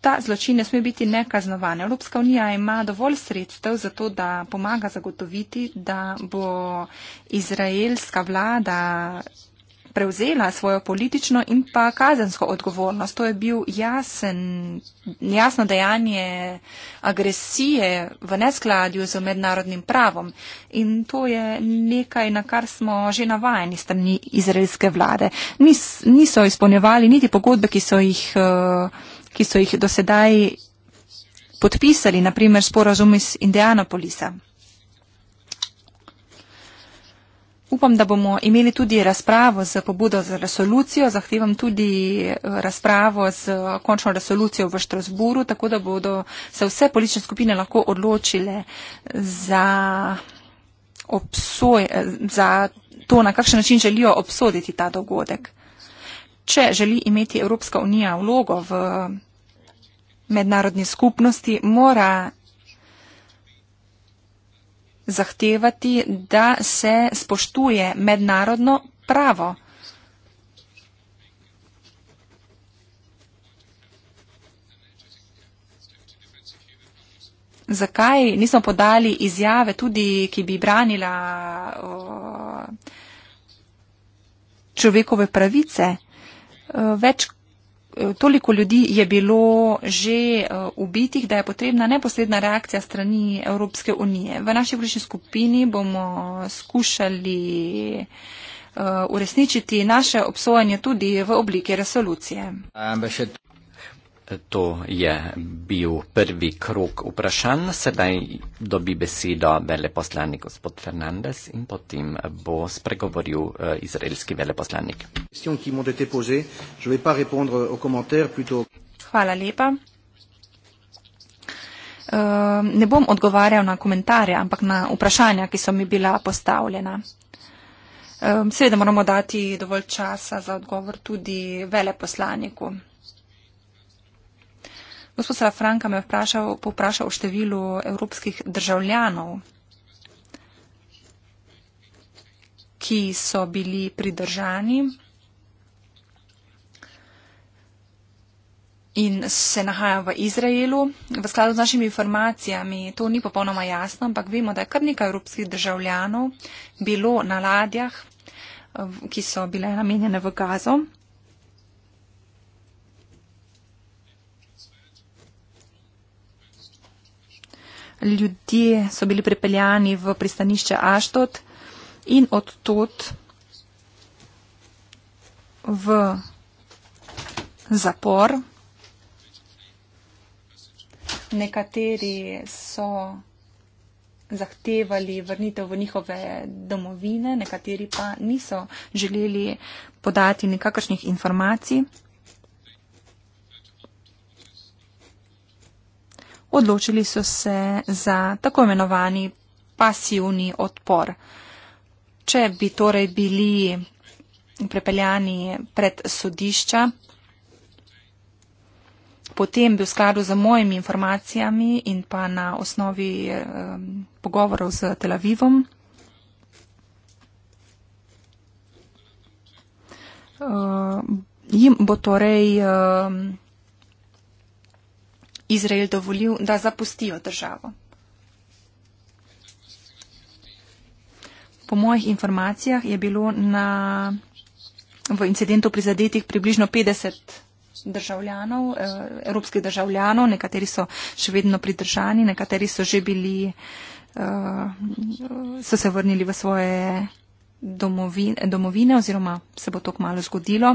ta zločin ne sme biti nekaznovan. Evropska unija ima dovolj sredstev za to, da pomaga zagotoviti, da bo izraelska vlada prevzela svojo politično in pa kazensko odgovornost. To je bil jasen, jasno dejanje agresije v neskladju z mednarodnim pravom in to je nekaj, na kar smo že navajeni strani izraelske vlade. Nis, niso izpolnjevali niti pogodbe, ki so jih uh, ki so jih dosedaj podpisali, naprimer sporazum iz Indianapolisa. Upam, da bomo imeli tudi razpravo z pobudo za resolucijo. Zahtevam tudi eh, razpravo z končno resolucijo v Štrasburu, tako da bodo se vse politične skupine lahko odločile za, obsoj, za to, na kakšen način želijo obsoditi ta dogodek če želi imeti Evropska unija vlogo v mednarodni skupnosti, mora zahtevati, da se spoštuje mednarodno pravo. Zakaj nismo podali izjave tudi, ki bi branila o, človekove pravice? Eh, več eh, Toliko ljudi je bilo že eh, ubitih, da je potrebna neposredna reakcija strani Evropske unije. V naši vlični skupini bomo skušali uresničiti naše obsojanje tudi v obliki resolucije. To je bil prvi krok vprašanj. Sedaj dobi besedo veleposlanik gospod Fernandez in potem bo spregovoril eh, izraelski veleposlanik. Hvala lepa. Eh, ne bom odgovarjal na komentarje, ampak na vprašanja, ki so mi bila postavljena. Eh, seveda moramo dati dovolj časa za odgovor tudi veleposlaniku. Gospod Safranka me je vprašal, povprašal o številu evropskih državljanov, ki so bili pridržani in se nahajajo v Izraelu. V skladu z našimi informacijami to ni popolnoma jasno, ampak vemo, da je kar nekaj evropskih državljanov bilo na ladjah, ki so bile namenjene v gazo. ljudje so bili prepeljani v pristanišče Aštot in odtot v zapor. Nekateri so zahtevali vrnitev v njihove domovine, nekateri pa niso želeli podati nekakršnih informacij. odločili so se za tako imenovani pasivni odpor. Če bi torej bili prepeljani pred sodišča, potem bi v skladu z mojimi informacijami in pa na osnovi um, pogovorov z Tel Avivom um, jim bo torej um, Izrael dovolil, da zapustijo državo. Po mojih informacijah je bilo na, v incidentu prizadetih približno 50 državljanov, eh, evropskih državljanov, nekateri so še vedno pridržani, nekateri so že bili, eh, so se vrnili v svoje domovine, domovine oziroma se bo to kmalo zgodilo.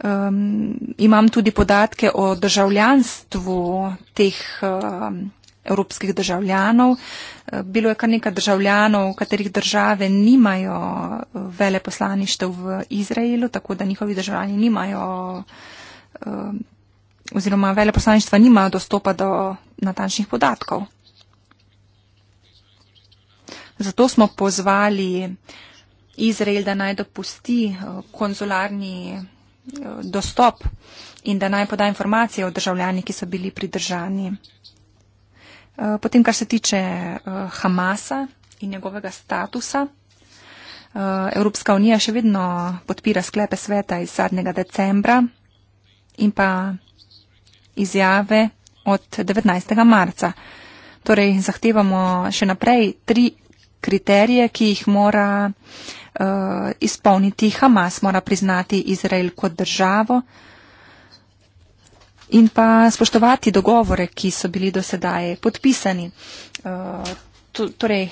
Um, imam tudi podatke o državljanstvu teh um, evropskih državljanov. Uh, bilo je kar nekaj državljanov, katerih države nimajo uh, veleposlaništev v Izraelu, tako da njihovi državljani nimajo um, oziroma veleposlaništva nimajo dostopa do natančnih podatkov. Zato smo pozvali Izrael, da naj dopusti uh, konzularni dostop in da naj poda informacije o državljani, ki so bili pridržani. Eh, potem, kar se tiče eh, Hamasa in njegovega statusa, eh, Evropska unija še vedno podpira sklepe sveta iz zadnjega decembra in pa izjave od 19. marca. Torej, zahtevamo še naprej tri kriterije, ki jih mora uh, Eh, izpolniti. Hamas mora priznati Izrael kot državo in pa spoštovati dogovore, ki so bili do sedaj podpisani. Eh, torej,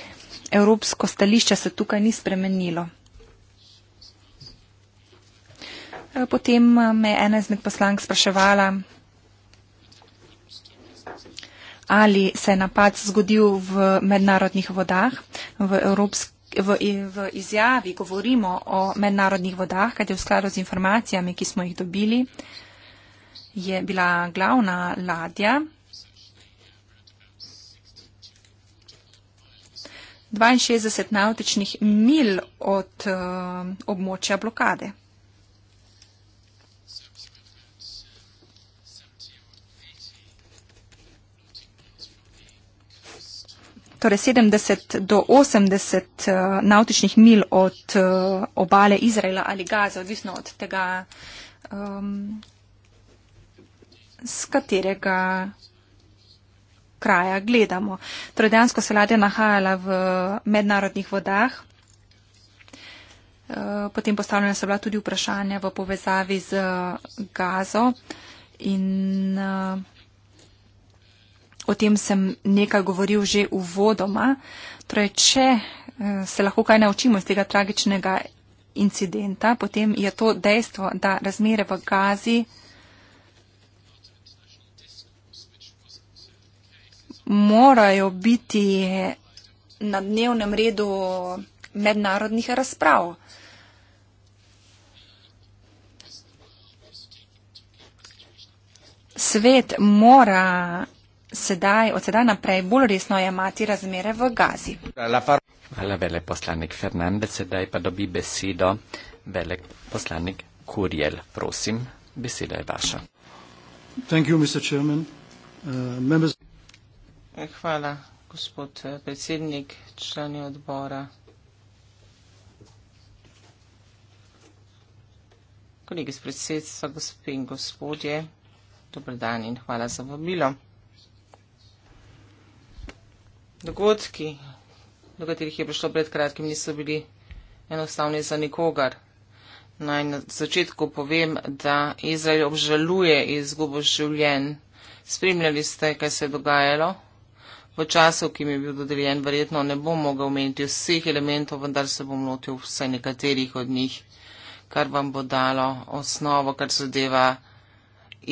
evropsko stališče se tukaj ni spremenilo. Eh, potem me je ena izmed poslank spraševala, ali se je napad zgodil v mednarodnih vodah, v evropskih v, v izjavi govorimo o mednarodnih vodah, kajti v skladu z informacijami, ki smo jih dobili, je bila glavna ladja 62 nautičnih mil od uh, območja blokade. torej 70 do 80 uh, eh, nautičnih mil od uh, obale Izraela ali Gaza, odvisno od tega, um, ehm, z katerega kraja gledamo. Torej dejansko se ladja nahajala v mednarodnih vodah. Eh, potem postavljena so bila tudi vprašanja v povezavi z Gazo in o tem sem nekaj govoril že v vodoma. Torej, če eh, se lahko kaj naučimo iz tega tragičnega incidenta, potem je to dejstvo, da razmere v gazi morajo biti na dnevnem redu mednarodnih razprav. Svet mora sedaj, od sedaj naprej bolj resno jemati razmere v Gazi. Hvala, vele poslanik Fernandez. Sedaj pa dobi besedo vele poslanik Kurjel. Prosim, beseda je vaša. You, uh, members... Eh, hvala, gospod eh, predsednik, člani odbora. Kolegi iz predsedstva, gospe in gospodje, dobrodan in hvala za vabilo dogodki, do katerih je prišlo pred kratkim, niso bili enostavni za nikogar. Naj na začetku povem, da Izrael obžaluje izgubo življenj. Spremljali ste, kaj se je dogajalo. V času, ki mi je bil dodeljen, verjetno ne bom mogel omeniti vseh elementov, vendar se bom lotil vsaj nekaterih od njih, kar vam bo dalo osnovo, kar zadeva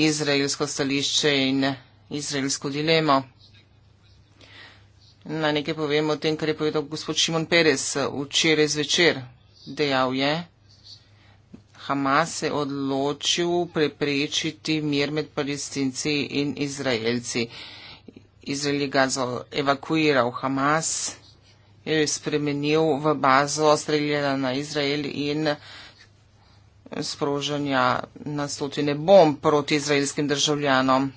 izraelsko stališče in izraelsko dilemo. Naj nekaj povem o tem, kar je povedal gospod Šimon Peres eh, včeraj zvečer. Dejal je, Hamas se je odločil preprečiti mir med palestinci in izraelci. Izrael je gazo evakuiral Hamas, je jo spremenil v bazo streljena na Izrael in sprožanja na stotine bomb proti izraelskim državljanom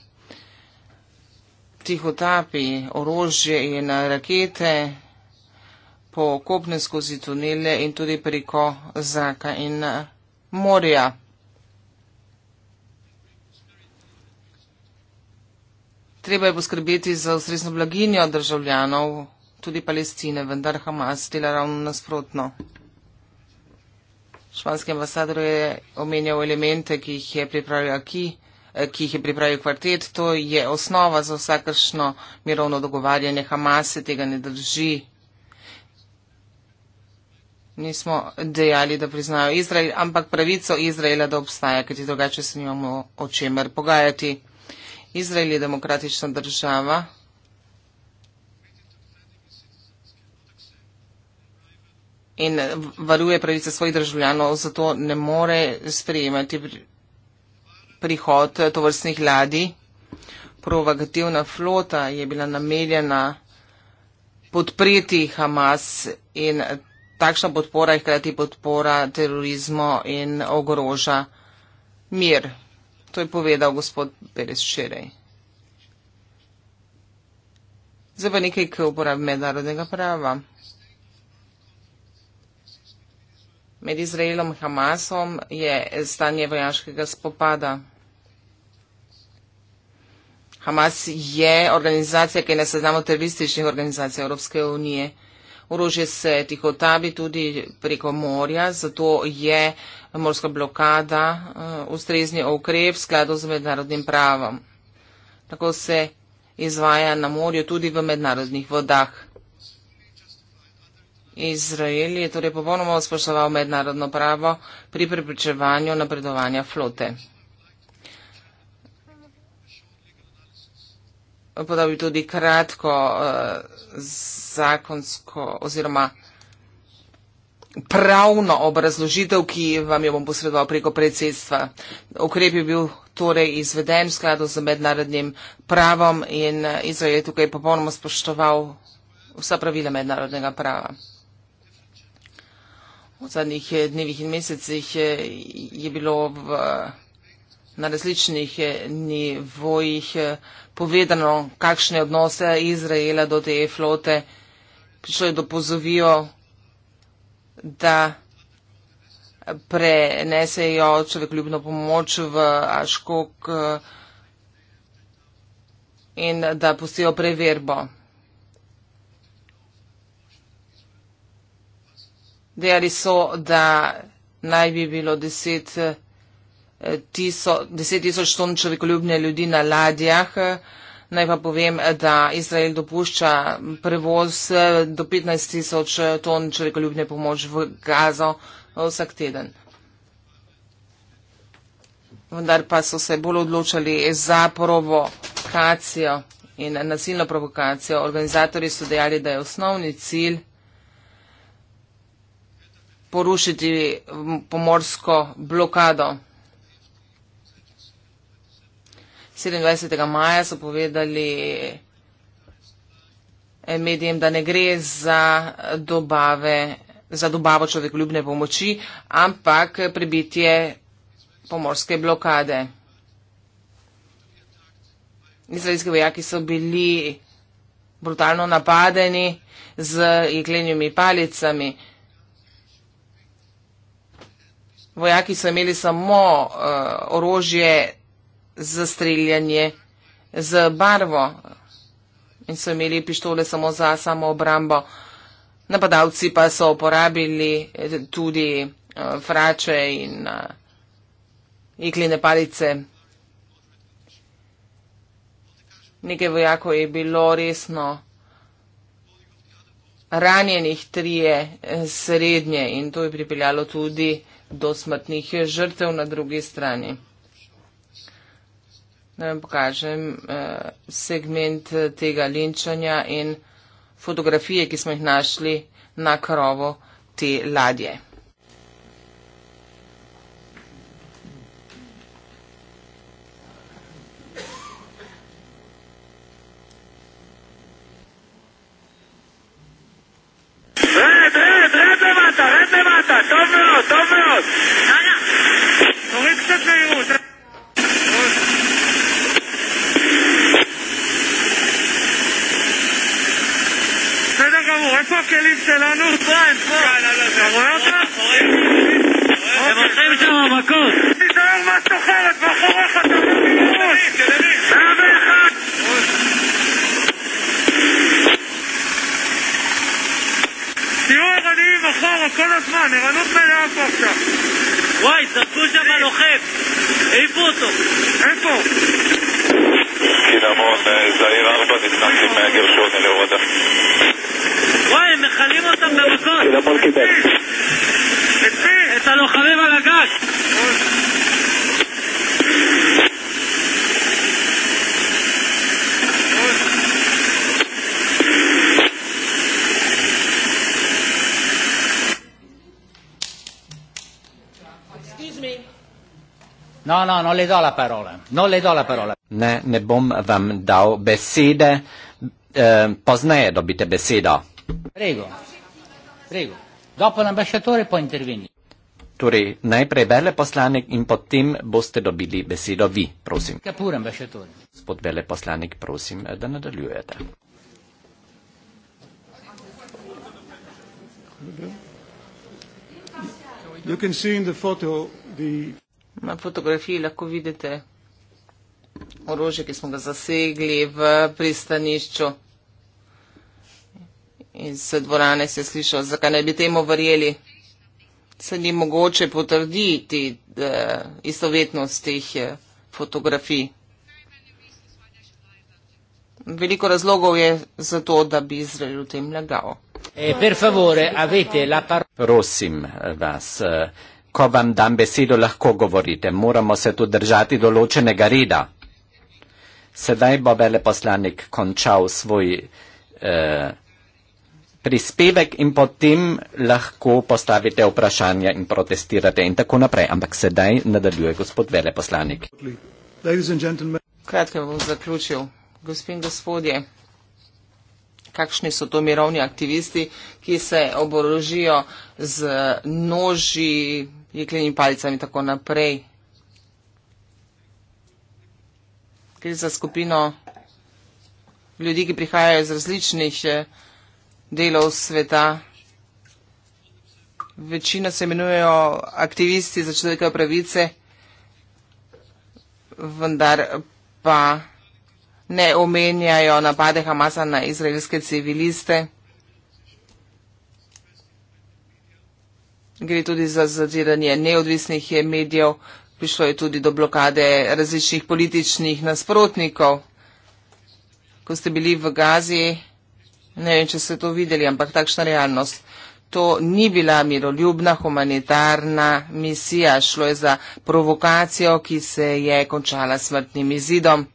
tihotapi, orožje in rakete po kopne skozi tunele in tudi preko zraka in morja. Treba je poskrbeti za ustrezno blaginjo državljanov, tudi Palestine, vendar Hamas dela ravno nasprotno. Španski ambasador je omenjal elemente, ki jih je pripravil Aki. Eh, ki jih je pripravil kvartet, to je osnova za vsakršno mirovno dogovarjanje. Hamase tega ne drži. Nismo dejali, da priznajo Izrael, ampak pravico Izraela, da obstaja, kajti drugače se nimamo o čemer pogajati. Izrael je demokratična država. In varuje pravice svojih državljanov, zato ne more sprejemati prihod tovrstnih ladij. Provokativna flota je bila namenjena podpreti Hamas in takšna podpora je hkrati podpora terorizmu in ogroža mir. To je povedal gospod Perez včeraj. Zdaj pa nekaj k uporabi mednarodnega prava. med Izraelom in Hamasom je stanje vojaškega spopada. Hamas je organizacija, ki je na seznamu terorističnih organizacij Evropske unije. Orožje se tihotabi tudi preko morja, zato je morska blokada uh, ustrezni ukrep v skladu z mednarodnim pravom. Tako se izvaja na morju tudi v mednarodnih vodah. Izrael je torej popolnoma spoštoval mednarodno pravo pri prepričevanju napredovanja flote. Podal bi tudi kratko eh, zakonsko oziroma pravno obrazložitev, ki vam jo bom posredoval preko predsedstva. Ukrep je bil torej izveden v skladu z mednarodnim pravom in eh, Izrael je tukaj popolnoma spoštoval vsa pravila mednarodnega prava v zadnjih eh, dnevih in mesecih eh, je bilo v, na različnih eh, nivojih povedano, kakšne odnose Izraela do te flote. Prišlo je do pozovijo, da prenesejo človekoljubno pomoč v Aškok in da pustijo preverbo. Dejali so, da naj bi bilo 10 eh, tisoč ton človekoljubne ljudi na ladjah. Naj pa povem, da Izrael dopušča prevoz eh, do 15 tisoč eh, ton človekoljubne pomoč v Gazo vsak teden. Vendar pa so se bolj odločali za provokacijo in nasilno provokacijo. Organizatori so dejali, da je osnovni cilj porušiti mm, pomorsko blokado. 27. maja so povedali eh, medijem, da ne gre za, dobave, za dobavo človekoljubne pomoči, ampak prebitje pomorske blokade. Izraelski vojaki so bili brutalno napadeni z jeklenimi palicami. Vojaki so imeli samo uh, orožje za streljanje z barvo in so imeli pištole samo za samo obrambo. Napadalci pa so uporabili eh, tudi uh, frače in uh, iklene palice. Nekaj vojakov je bilo resno ranjenih trije eh, srednje in to je pripeljalo tudi do smrtnih žrtev na drugi strani. Naj vam pokažem eh, segment eh, tega linčanja in fotografije, ki smo jih našli na krovo te ladje. רד, רד, רד למטה, רד למטה, טוב מאוד, טוב מאוד! תוריד קצת מהירות. בסדר גמור, איפה הכלים שלנו? כאן, כאן. אתה רואה אותם? הם הולכים שם במקום. תיזהר מה את אוכלת, מאחוריך אתה מבין מאוד. 101! אני עם החרא כל הזמן, ערנות מלאה פה עכשיו. וואי, זרקו שם על אוכף. העיפו אותו. איפה? קינמון, זעיר ארבע, נכנסים מהגרשון אל הורדה. וואי, הם מכלים אותם במקום. קינמון קיבל. את מי? את הלוחמים על הגג. No, no, non le do la parola. Non le do la parola. Ne, ne bom vam dal besede. Eh, pozneje dobite besedo. Prego, prego. Dopo l'ambasciatore può intervenire. Torej, najprej veleposlanik in potem boste dobili besedo vi, prosim. Kapur, ambasciatore. Gospod veleposlanik, prosim, eh, da nadaljujete. You can see in the photo the Na fotografiji lahko vidite orožje, ki smo ga zasegli v pristanišču. Iz dvorane se je slišal, zakaj ne bi temu verjeli. Se ni mogoče potrditi istovetnost teh eh, fotografij. Veliko razlogov je za to, da bi Izrael v tem lagal. E, per favore, avete la parola. Prosim vas. Uh, ko vam dam besedo, lahko govorite. Moramo se tu držati določenega reda. Sedaj bo veleposlanik končal svoj eh, prispevek in potem lahko postavite vprašanja in protestirate in tako naprej. Ampak sedaj nadaljuje gospod veleposlanik. Kratko bom zaključil. Gospin gospodje, kakšni so to mirovni aktivisti, ki se oborožijo z noži, jeklenimi palicami in tako naprej. Gre za skupino ljudi, ki prihajajo iz različnih eh, delov sveta. Večina se imenujejo aktivisti za človekove pravice, vendar pa ne omenjajo napade Hamasa na izraelske civiliste. gre tudi za zadiranje neodvisnih medijev, prišlo je tudi do blokade različnih političnih nasprotnikov. Ko ste bili v Gazi, ne vem, če ste to videli, ampak takšna realnost. To ni bila miroljubna humanitarna misija, šlo je za provokacijo, ki se je končala smrtnim izidom.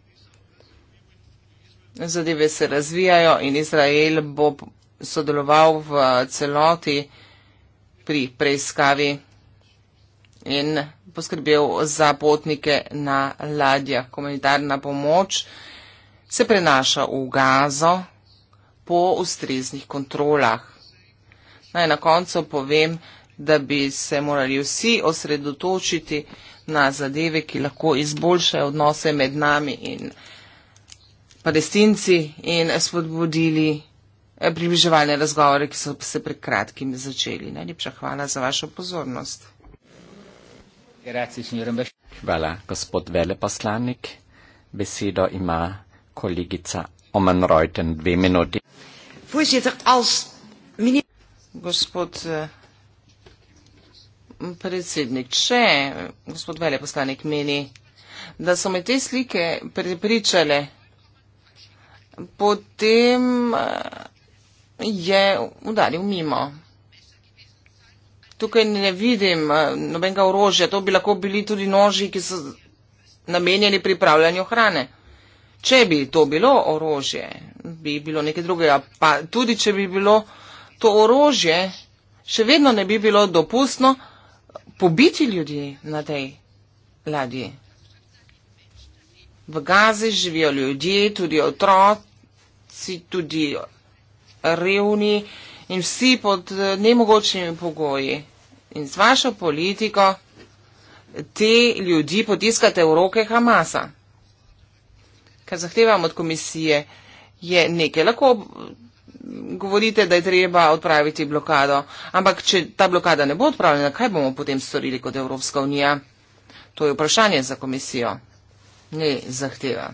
Zadeve se razvijajo in Izrael bo sodeloval v celoti pri preiskavi in poskrbel za potnike na ladjah. Komunitarna pomoč se prenaša v gazo po ustreznih kontrolah. Naj na koncu povem, da bi se morali vsi osredotočiti na zadeve, ki lahko izboljšajo odnose med nami in palestinci in spodbudili. Eh, približevalne razgovore, ki so se pred kratkim začeli. Najlepša hvala za vašo pozornost. Hvala, gospod veleposlanik. Besedo ima kolegica Oman Reuten, dve minuti. Gospod eh, predsednik, če gospod veleposlanik meni, da so me te slike pripričale, potem eh, je udaril mimo. Tukaj ne vidim eh, nobenega orožja, to bi lahko bili tudi noži, ki so namenjeni pripravljanju hrane. Če bi to bilo orožje, bi bilo nekaj drugega. Pa tudi, če bi bilo to orožje, še vedno ne bi bilo dopustno pobiti ljudi na tej ladji. V Gazi živijo ljudje, tudi otroci, tudi revni in vsi pod eh, nemogočimi pogoji. In z vašo politiko te ljudi potiskate v roke Hamasa. Kar zahtevam od komisije, je nekaj. Lahko govorite, da je treba odpraviti blokado, ampak če ta blokada ne bo odpravljena, kaj bomo potem storili kot Evropska unija? To je vprašanje za komisijo. Ne zahteva.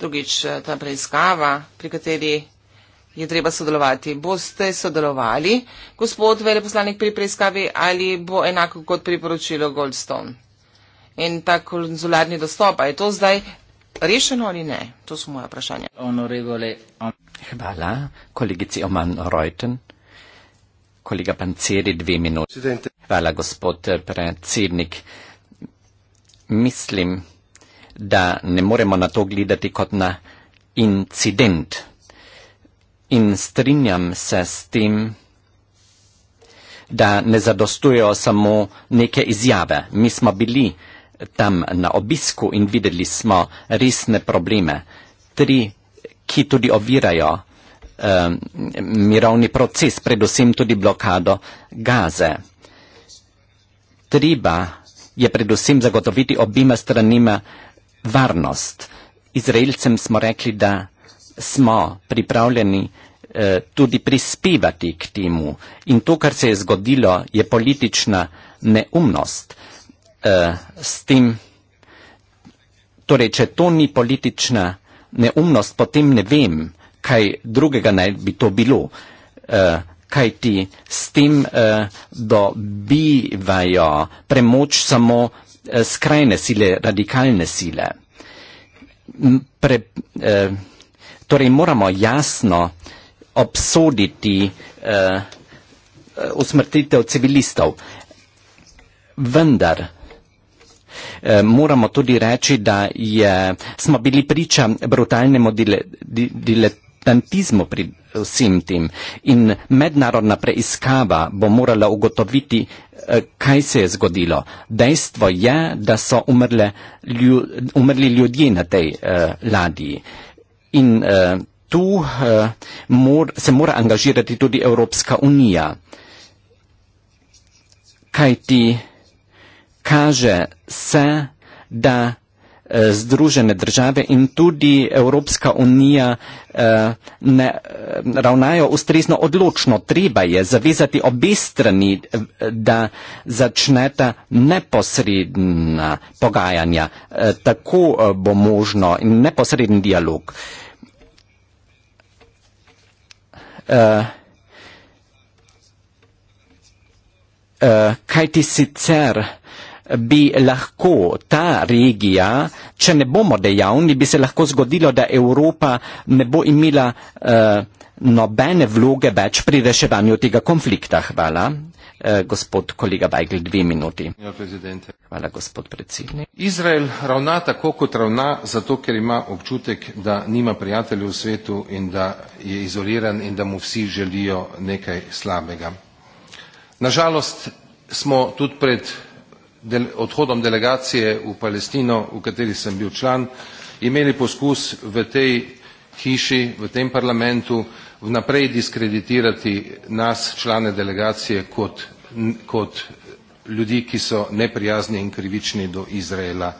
Drugič, eh, ta preiskava, pri kateri je treba sodelovati. Boste sodelovali, gospod veleposlanik, pri preiskavi ali bo enako kot priporočilo Goldstone? In ta konzularni dostop, je to zdaj rešeno ali ne? To so moje vprašanje. Hvala, kolegici Oman Reuten. Kolega Panceri, dve minute. Hvala, gospod predsednik. Mislim, da ne moremo na to gledati kot na incident in strinjam se s tem, da ne zadostujejo samo neke izjave. Mi smo bili tam na obisku in videli smo resne probleme, tri, ki tudi ovirajo eh, mirovni proces, predvsem tudi blokado gaze. Treba je predvsem zagotoviti obima stranima varnost. Izraelcem smo rekli, da smo pripravljeni eh, tudi prispevati k temu. In to, kar se je zgodilo, je politična neumnost. Eh, s tem, torej, če to ni politična neumnost, potem ne vem, kaj drugega naj bi to bilo. Eh, kaj ti s tem dobivajo premoč samo skrajne sile, radikalne sile. Pre, eh, torej moramo jasno obsoditi uh, usmrtitev civilistov. Vendar eh, moramo tudi reči, da je, smo bili priča brutalnemu dile, diletantizmu pri vsem tem in mednarodna preiskava bo morala ugotoviti, eh, kaj se je zgodilo. Dejstvo je, da so umrle, ljud, umrli ljudje na tej uh, ladji. Uh, In uh, tu uh, mor, se mora angažirati tudi Evropska unija, kaj ti kaže se, da eh, Združene države in tudi Evropska unija eh, ne ravnajo ustrezno odločno. Treba je zavezati obe strani, da začneta neposredna pogajanja. Eh, tako eh, bo možno neposreden dialog. Eh, Eh, eh, kaj ti sicer bi lahko ta regija, če ne bomo dejavni, bi se lahko zgodilo, da Evropa ne bo imela uh, nobene vloge več pri reševanju tega konflikta. Hvala. Eh, gospod kolega Bajgl, dve minuti. Ja, Hvala, gospod predsednik. Izrael ravna tako, kot ravna, zato ker ima občutek, da nima prijateljev v svetu in da je izoliran in da mu vsi želijo nekaj slabega. Nažalost smo tudi pred del odhodom delegacije v Palestino, v kateri sem bil član, imeli poskus v tej hiši, v tem parlamentu vnaprej diskreditirati nas, člane delegacije, kot kot ljudi, ki so neprijazni in krivični do Izraela.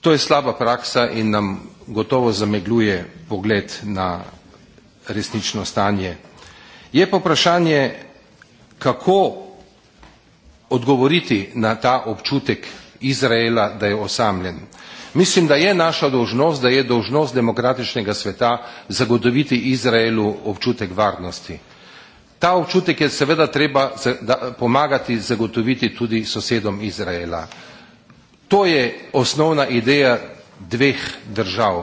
To je slaba praksa in nam gotovo zamegljuje pogled na resnično stanje. Je pa vprašanje, kako odgovoriti na ta občutek Izraela, da je osamljen. Mislim, da je naša dožnost, da je dožnost demokratičnega sveta zagotoviti Izraelu občutek varnosti. Ta občutek je seveda treba pomagati zagotoviti tudi sosedom Izraela. To je osnovna ideja dveh držav,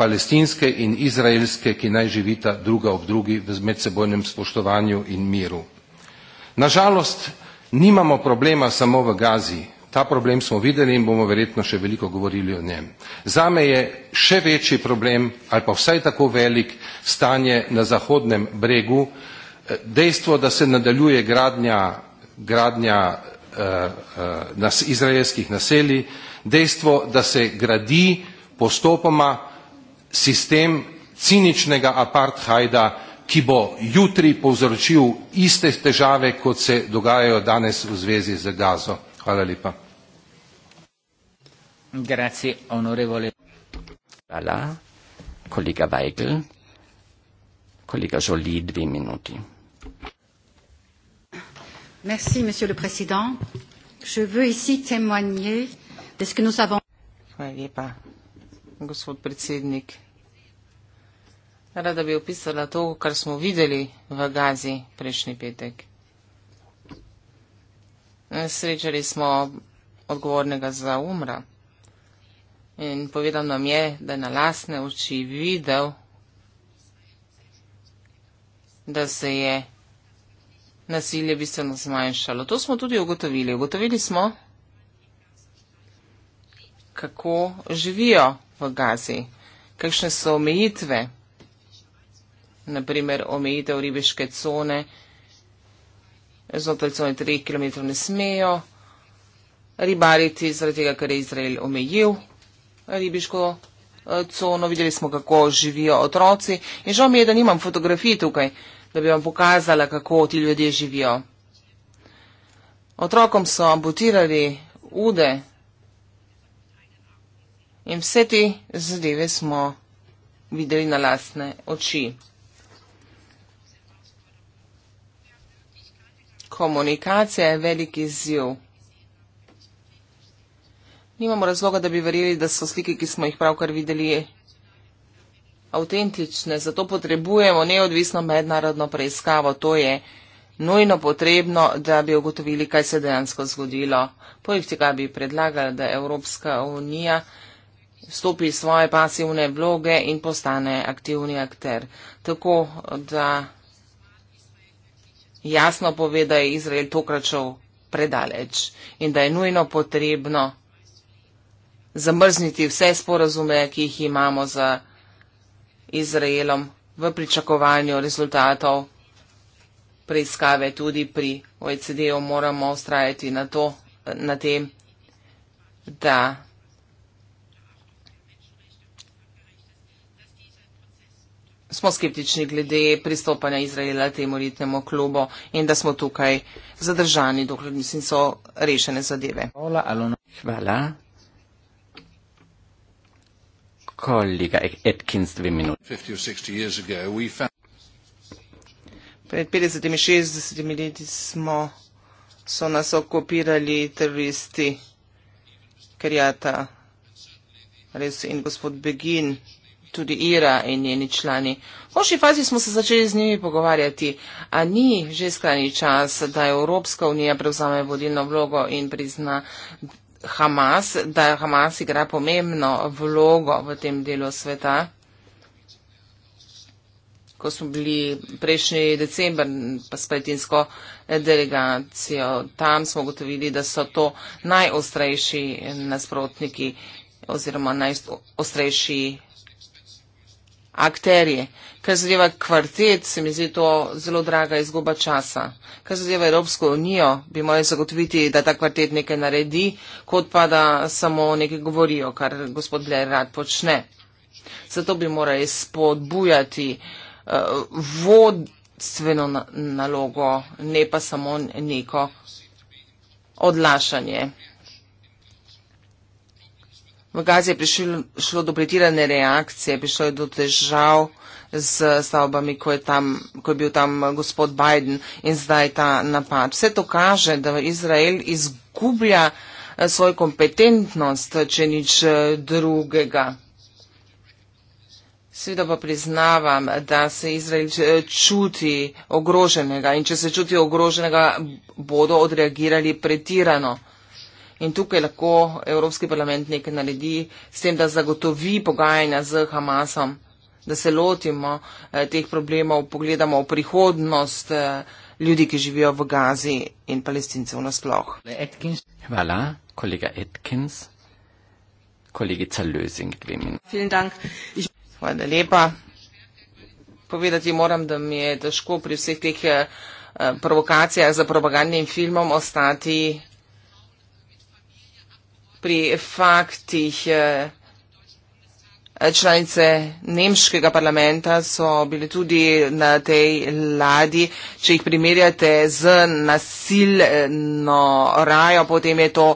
palestinske in izraelske, ki naj živita druga ob drugi v medsebojnem spoštovanju in miru. Nažalost, nimamo problema samo v Gazi. Ta problem smo videli in bomo verjetno še veliko govorili o njem. Zame je še večji problem, ali pa vsaj tako velik, stanje na Zahodnem bregu, dejstvo, da se nadaljuje gradnja, gradnja eh, eh, nas, izraelskih naselij, dejstvo, da se gradi postopoma sistem ciničnega apartheida, ki bo jutri povzročil iste težave, kot se dogajajo danes v zvezi z gazo. Hvala lepa. Grazie, onorevole. Hvala, kolega Weigl. Kolega Žolid, dve minuti. Merci, Monsieur le Président. Je veux ici témoigner de ce que nous avons. Hvala lepa, gospod predsednik. Rada bi opisala to, kar smo videli v Gazi prejšnji petek. Srečali smo odgovornega za umra in povedal nam je, da je na lasne oči videl, da se je nasilje bistveno zmanjšalo. To smo tudi ugotovili. Ugotovili smo, kako živijo v Gazi, kakšne so omejitve, naprimer omejitev ribiške cone, znotraj cone 3 km ne smejo ribariti, zaradi tega, ker je Izrael omejil ribiško eh, cono. Videli smo, kako živijo otroci. In žal mi je, da nimam fotografij tukaj da bi vam pokazala, kako ti ljudje živijo. Otrokom so amputirali ude in vse te zadeve smo videli na lastne oči. Komunikacija je veliki ziv. Nimamo razloga, da bi verjeli, da so slike, ki smo jih pravkar videli, avtentične, zato potrebujemo neodvisno mednarodno preiskavo. To je nujno potrebno, da bi ugotovili, kaj se dejansko zgodilo. Poleg tega bi predlagala, da Evropska unija stopi svoje pasivne vloge in postane aktivni akter. Tako da jasno pove, da je Izrael tokrat šel predaleč in da je nujno potrebno zamrzniti vse sporazume, ki jih imamo za. Izraelom v pričakovanju rezultatov preiskave tudi pri OECD-u. Moramo ustrajati na, to, na tem, da smo skeptični glede pristopanja Izraela temu ritnemu klubu in da smo tukaj zadržani, dokler mislim, so rešene zadeve. Hvala kollega Atkins dve minuti. Pred 50-60 leti smo, so nas okupirali teroristi Kerjata res in gospod Begin, tudi Ira in njeni člani. V oši fazi smo se začeli z njimi pogovarjati, a ni že skrajni čas, da Evropska unija prevzame vodilno vlogo in prizna Hamas, da Hamas igra pomembno vlogo v tem delu sveta. Ko smo bili prejšnji decembr pa s palestinsko delegacijo, tam smo ugotovili, da so to najostrejši nasprotniki oziroma najostrejši akterje. Kar zadeva kvartet, se mi zdi to zelo draga izguba časa. Kar zadeva Evropsko unijo, bi morali zagotoviti, da ta kvartet nekaj naredi, kot pa da samo nekaj govorijo, kar gospod Blair rad počne. Zato bi morali spodbujati uh, vodstveno na nalogo, ne pa samo neko odlašanje. V Gazi je prišlo do pretirane reakcije, prišlo je do težav z stavbami, ko je, tam, ko je bil tam eh, gospod Biden in zdaj ta napad. Vse to kaže, da Izrael izgublja eh, svojo kompetentnost, eh, če nič drugega. Sveda pa priznavam, da se Izrael čuti ogroženega in če se čuti ogroženega, bodo odreagirali pretirano in tukaj lahko Evropski parlament nekaj naredi s tem, da zagotovi pogajanja z Hamasom, da se lotimo eh, teh problemov, pogledamo v prihodnost eh, ljudi, ki živijo v Gazi in palestincev nasploh. Hvala, kolega Atkins. Kolegica Lösing, dve minuti. Hvala lepa. Povedati moram, da mi je težko pri vseh teh eh, eh provokacijah za propagandnim filmom ostati pri faktih eh, članice nemškega parlamenta so bili tudi na tej ladi, če jih primerjate z nasilno rajo, potem je to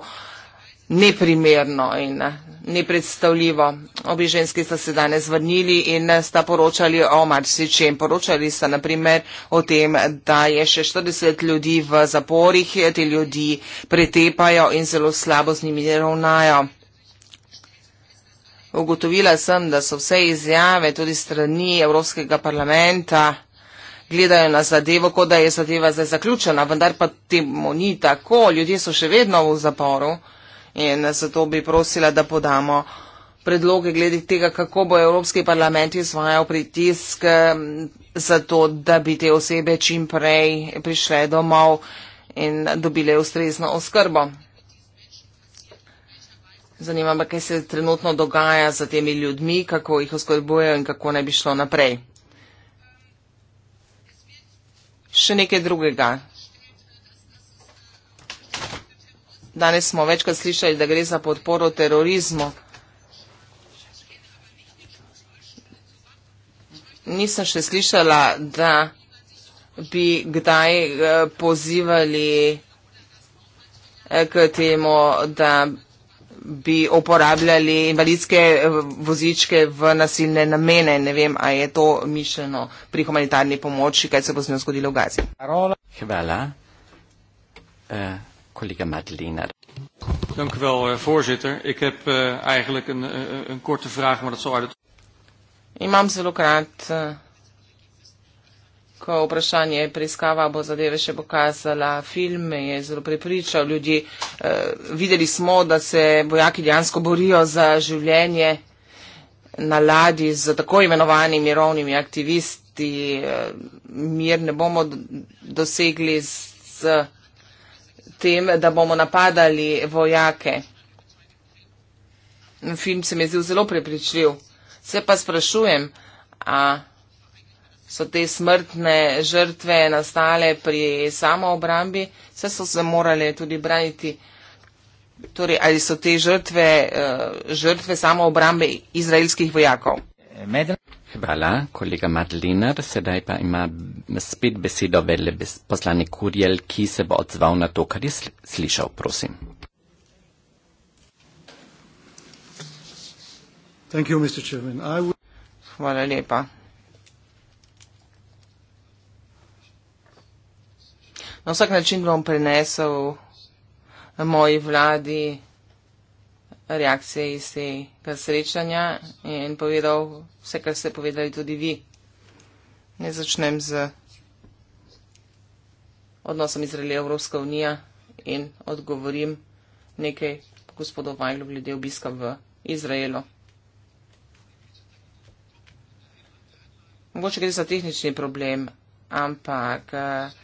neprimerno in nepredstavljivo. Obi ženski sta se danes vrnili in sta poročali o marsičem. Poročali sta naprimer o tem, da je še 40 ljudi v zaporih, te ljudi pretepajo in zelo slabo z njimi ravnajo. Ugotovila sem, da so vse izjave tudi strani Evropskega parlamenta gledajo na zadevo, kot da je zadeva zdaj zaključena, vendar pa temu ni tako. Ljudje so še vedno v zaporu in zato bi prosila, da podamo predloge glede tega, kako bo Evropski parlament izvajal pritisk mm, za to, da bi te osebe čim prej prišle domov in dobile ustrezno oskrbo. Zanima me, kaj se trenutno dogaja za temi ljudmi, kako jih oskrbujejo in kako ne bi šlo naprej. Še nekaj drugega. Danes smo večkrat slišali, da gre za podporo terorizmu. Nisem še slišala, da bi kdaj eh, pozivali eh, k temu, da bi uporabljali invalidske eh, vozičke v nasilne namene. Ne vem, a je to mišljeno pri humanitarni pomoči, kaj se bo z njo zgodilo v Gazi. Hvala. Uh collega Madelina. Dank u wel, eh, voorzitter. Ik heb uh, eigenlijk een, uh, een korte vraag, maar dat zal uit het. Imam zelo kratko uh, vprašanje. Preiskava bo zadeve še pokazala. Film me je zelo prepričal. Ljudje uh, videli smo, da se vojaki dejansko borijo za življenje na ladji z tako imenovanimi mirovnimi aktivisti. Uh, mir ne bomo dosegli z. Uh, tem, da bomo napadali vojake. Film se mi je zdel zelo prepričljiv. Se pa sprašujem, a so te smrtne žrtve nastale pri samoobrambi, se so se morale tudi braniti. Torej, ali so te žrtve, eh, žrtve samoobrambe izraelskih vojakov? Medna. Hvala, kolega Madlinar. Sedaj pa ima spet besedo vele poslani Kurjel, ki se bo odzval na to, kar je slišal. Prosim. Thank you, Mr. Chairman. I would... Hvala lepa. Na vsak način bom prenesel moji vladi reakcije iz tega srečanja in povedal, vse, kar ste povedali tudi vi. Ne začnem z odnosom Izraelija Evropska unija in odgovorim nekaj gospodu Vajlu glede obiska v Izraelu. Mogoče gre za tehnični problem, ampak eh,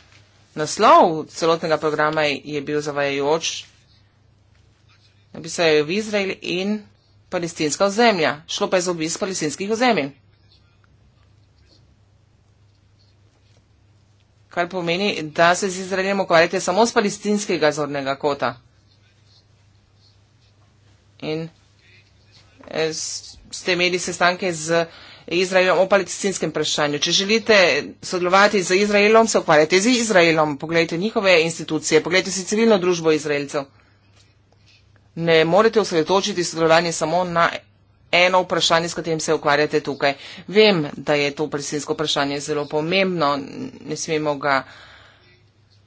naslov celotnega programa je bil zavajajoč. Napisajo v Izrael in palestinska ozemlja. Šlo pa je za obisk palestinskih ozemelj. Kar pomeni, da se z Izraeljem ukvarjate samo z palestinskega zornega kota. In eh, ste imeli sestanke z Izraelom o palestinskem vprašanju. Če želite sodelovati z Izraelom, se ukvarjate z Izraelom. Poglejte njihove institucije, poglejte si civilno družbo Izraelcev ne morete osredotočiti sodelovanje samo na eno vprašanje, s katerim se ukvarjate tukaj. Vem, da je to palestinsko vprašanje zelo pomembno, ne smemo ga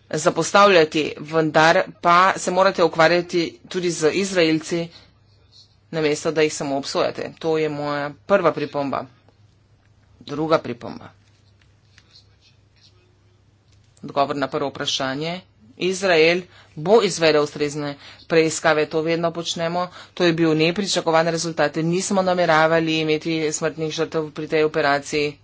zapostavljati, vendar pa se morate ukvarjati tudi z Izraelci, namesto da jih samo obsojate. To je moja prva pripomba. Druga pripomba. Odgovor na prvo vprašanje. Izrael bo izvedel ustrezne preiskave, to vedno počnemo. To je bil nepričakovan rezultat. Nismo nameravali imeti smrtnih žrtev pri tej operaciji.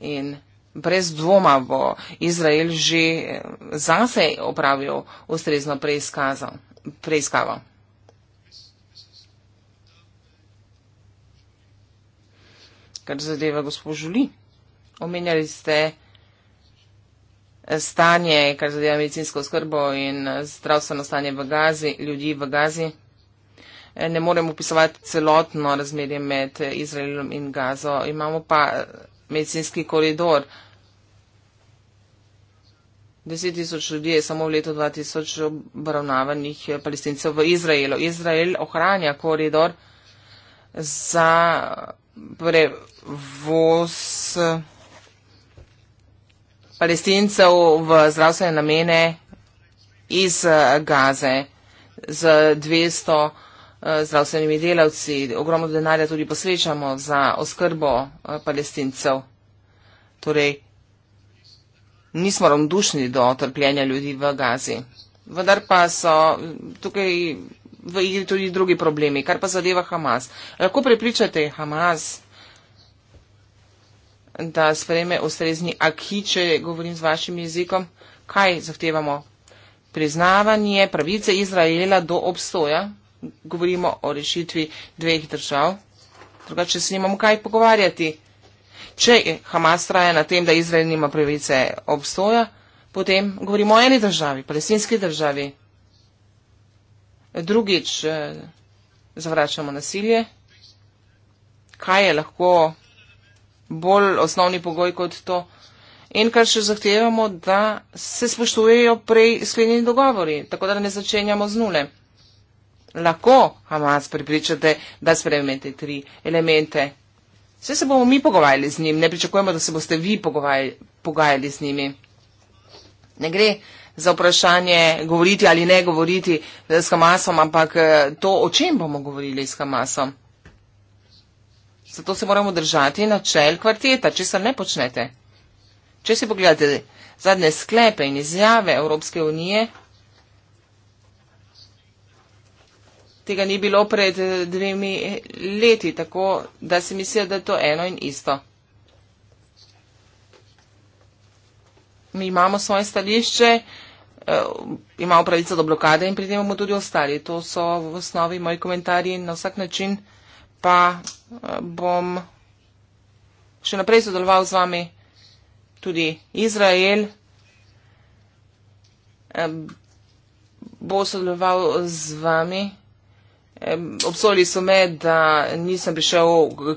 In brez dvoma bo Izrael že eh, zase opravil ustrezno preiskavo. Kar zadeva gospod Žuli. Omenjali ste stanje, kar zadeva medicinsko oskrbo in eh, zdravstveno stanje v Gazi, ljudi v Gazi. Eh, ne morem upisovati celotno razmerje med eh, Izraelom in Gazo. Imamo pa medicinski koridor. 10 tisoč ljudi je samo v letu 2000 obravnavanih palestincev v Izraelu. Izrael ohranja koridor za prevoz palestincev v zdravstvene namene iz eh, Gaze z 200 eh, zdravstvenimi delavci. Ogromno denarja tudi posvečamo za oskrbo eh, palestincev. Torej, nismo ravnodušni do trpljenja ljudi v Gazi. Vendar pa so mm, tukaj v igri tudi drugi problemi, kar pa zadeva Hamas. Lahko prepričate Hamas da sprejme ustrezni aki, če govorim z vašim jezikom. Kaj zahtevamo? Priznavanje pravice Izraela do obstoja. Govorimo o rešitvi dveh držav. Drugače se nimamo kaj pogovarjati. Če Hamas traja na tem, da Izrael nima pravice obstoja, potem govorimo o eni državi, palestinski državi. Drugič, eh, zavračamo nasilje. Kaj je lahko bolj osnovni pogoj kot to. In kar še zahtevamo, da se spoštujejo prej sklenjeni dogovori, tako da ne začenjamo z nule. Lahko Hamas pripričate, da spremete tri elemente. Vse se bomo mi pogovarjali z njim, ne pričakujemo, da se boste vi pogajali z njimi. Ne gre za vprašanje govoriti ali ne govoriti eh, s Hamasom, ampak eh, to, o čem bomo govorili s Hamasom. Zato se moramo držati načel kvarteta, če se ne počnete. Če si pogledate zadnje sklepe in izjave Evropske unije, tega ni bilo pred dvemi leti, tako da si mislijo, da je to eno in isto. Mi imamo svoje stališče, eh, imamo pravico do blokade in pri tem bomo tudi ostali. To so v osnovi moji komentarji in na vsak način pa eh, bom še naprej sodeloval z vami tudi Izrael. Bo sodeloval z vami. Obsoli so me, da nisem prišel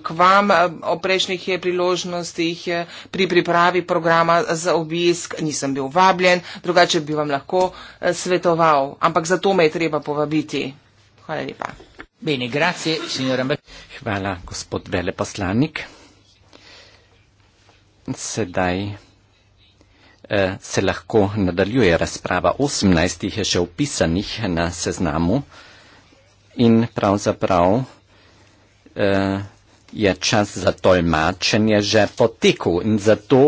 k vam o prejšnjih eh, priložnostih eh, pri pripravi programa za obisk, nisem bil vabljen, drugače bi vam lahko svetoval, ampak zato me je treba povabiti. Hvala lepa. Bene, grazie signora Hvala, gospod veleposlanik. Sedaj eh, se lahko nadaljuje razprava. 18 jih je še upisanih na seznamu in pravzaprav eh, je čas za tolmačenje že potekel in zato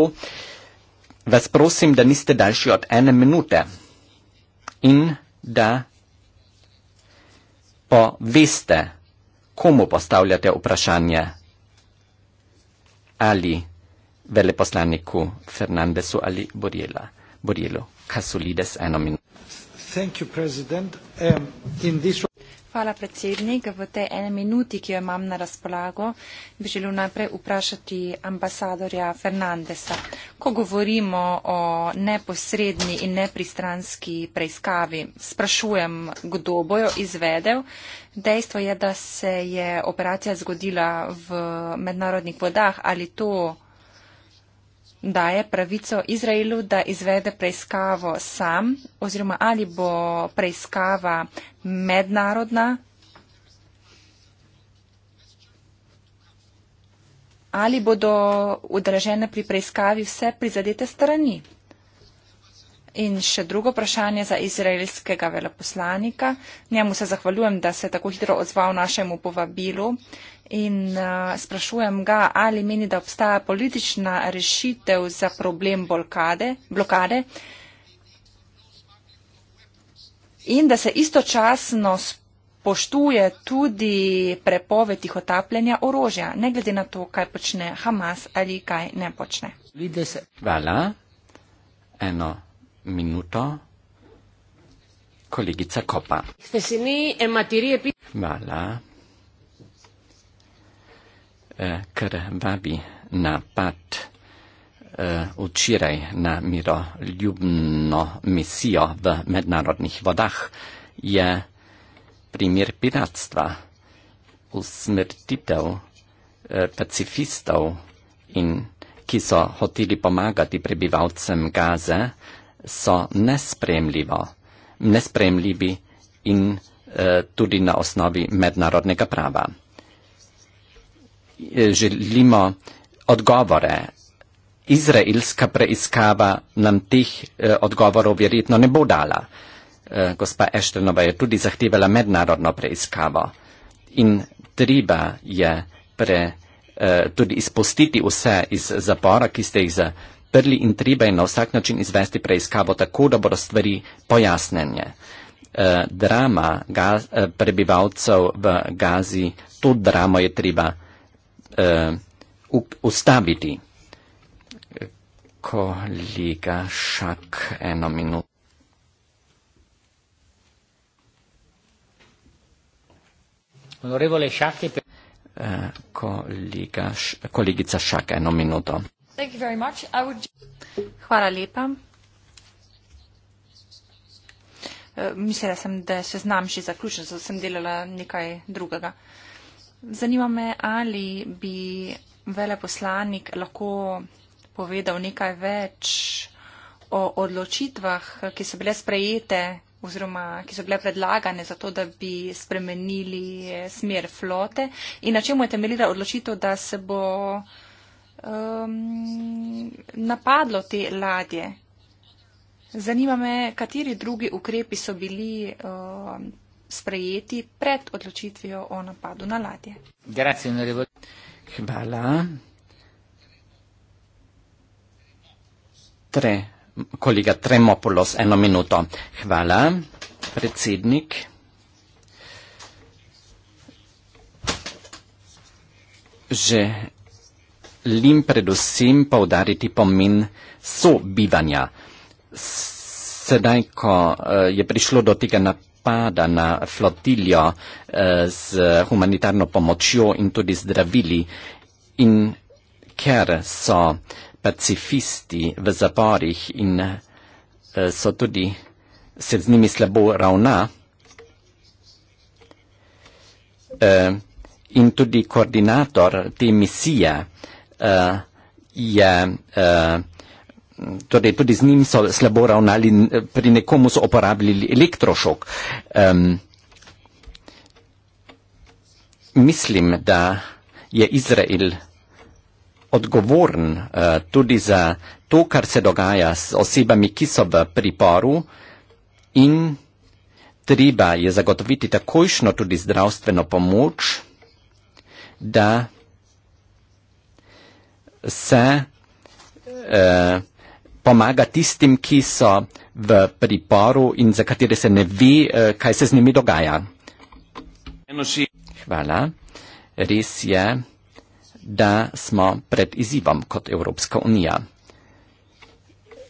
vas prosim, da niste daljši od ene minute in da pa veste, komu postavljate vprašanje? Ali veleposlaniku Fernandesu ali Borjela? Borjelo, Kasulides, eno minuto. Hvala, predsednik. Hvala, predsednik. V tej ene minuti, ki jo imam na razpolago, bi želel najprej vprašati ambasadorja Fernandesa. Ko govorimo o neposredni in nepristranski preiskavi, sprašujem, kdo bo jo izvedel. Dejstvo je, da se je operacija zgodila v mednarodnih vodah. Ali to daje pravico Izraelu, da izvede preiskavo sam oziroma ali bo preiskava mednarodna ali bodo udeležene pri preiskavi vse prizadete strani. In še drugo vprašanje za izraelskega veleposlanika. Njemu se zahvaljujem, da se je tako hitro odzval našemu povabilu in uh, sprašujem ga, ali meni, da obstaja politična rešitev za problem blokade, blokade in da se istočasno spoštuje tudi prepoved tih otapljanja orožja, ne glede na to, kaj počne Hamas ali kaj ne počne. Hvala. Eno minuto. Kolegica Kopa. Hvala. Eh, ker vabi na pad eh, včeraj na miroljubno misijo v mednarodnih vodah, je primer piratstva, usmrtitev eh, pacifistov in ki so hoteli pomagati prebivalcem Gaze, so nespremljivo, nespremljivi in uh, tudi na osnovi mednarodnega prava želimo odgovore. Izraelska preiskava nam teh eh, odgovorov verjetno ne bo dala. Eh, gospa Eštelnova je tudi zahtevala mednarodno preiskavo in treba je pre, eh, tudi izpustiti vse iz zapora, ki ste jih zaprli in treba je na vsak način izvesti preiskavo tako, da bodo stvari pojasnenje. Drama prebivalcev v Gazi, to dramo je treba uh, ustaviti. Kolega Šak, eno minuto. Uh, kolega kolegica Šak, eno minuto. Would... Hvala lepa. Uh, mislila sem, da se znam že zaključen, zato sem delala nekaj drugega. Uh, Zanima me, ali bi veleposlanik lahko povedal nekaj več o odločitvah, ki so bile sprejete oziroma ki so bile predlagane za to, da bi spremenili smer flote in na čemu je temeljila odločitev, da se bo um, napadlo te ladje. Zanima me, kateri drugi ukrepi so bili um, sprejeti pred odločitvijo o napadu na ladje. Grazie, Hvala. Tre, kolega Tremopolos, eno minuto. Hvala, predsednik. Že lim predvsem povdariti pomen sobivanja. Sedaj, ko eh, je prišlo do tega napada, napada na flotiljo eh, z humanitarno pomočjo in tudi zdravili. In ker so pacifisti v zaporih in eh, so tudi se z njimi slabo ravna, eh, in tudi koordinator te misije je torej tudi z njim so slabo ravnali, pri nekomu so uporabljali elektrošok. Um, mislim, da je Izrael odgovoren uh, tudi za to, kar se dogaja s osebami, ki so v priporu in treba je zagotoviti takojšno tudi zdravstveno pomoč, da se uh, pomaga tistim, ki so v priporu in za katere se ne ve, eh, kaj se z njimi dogaja. Hvala. Res je, da smo pred izzivom kot Evropska unija.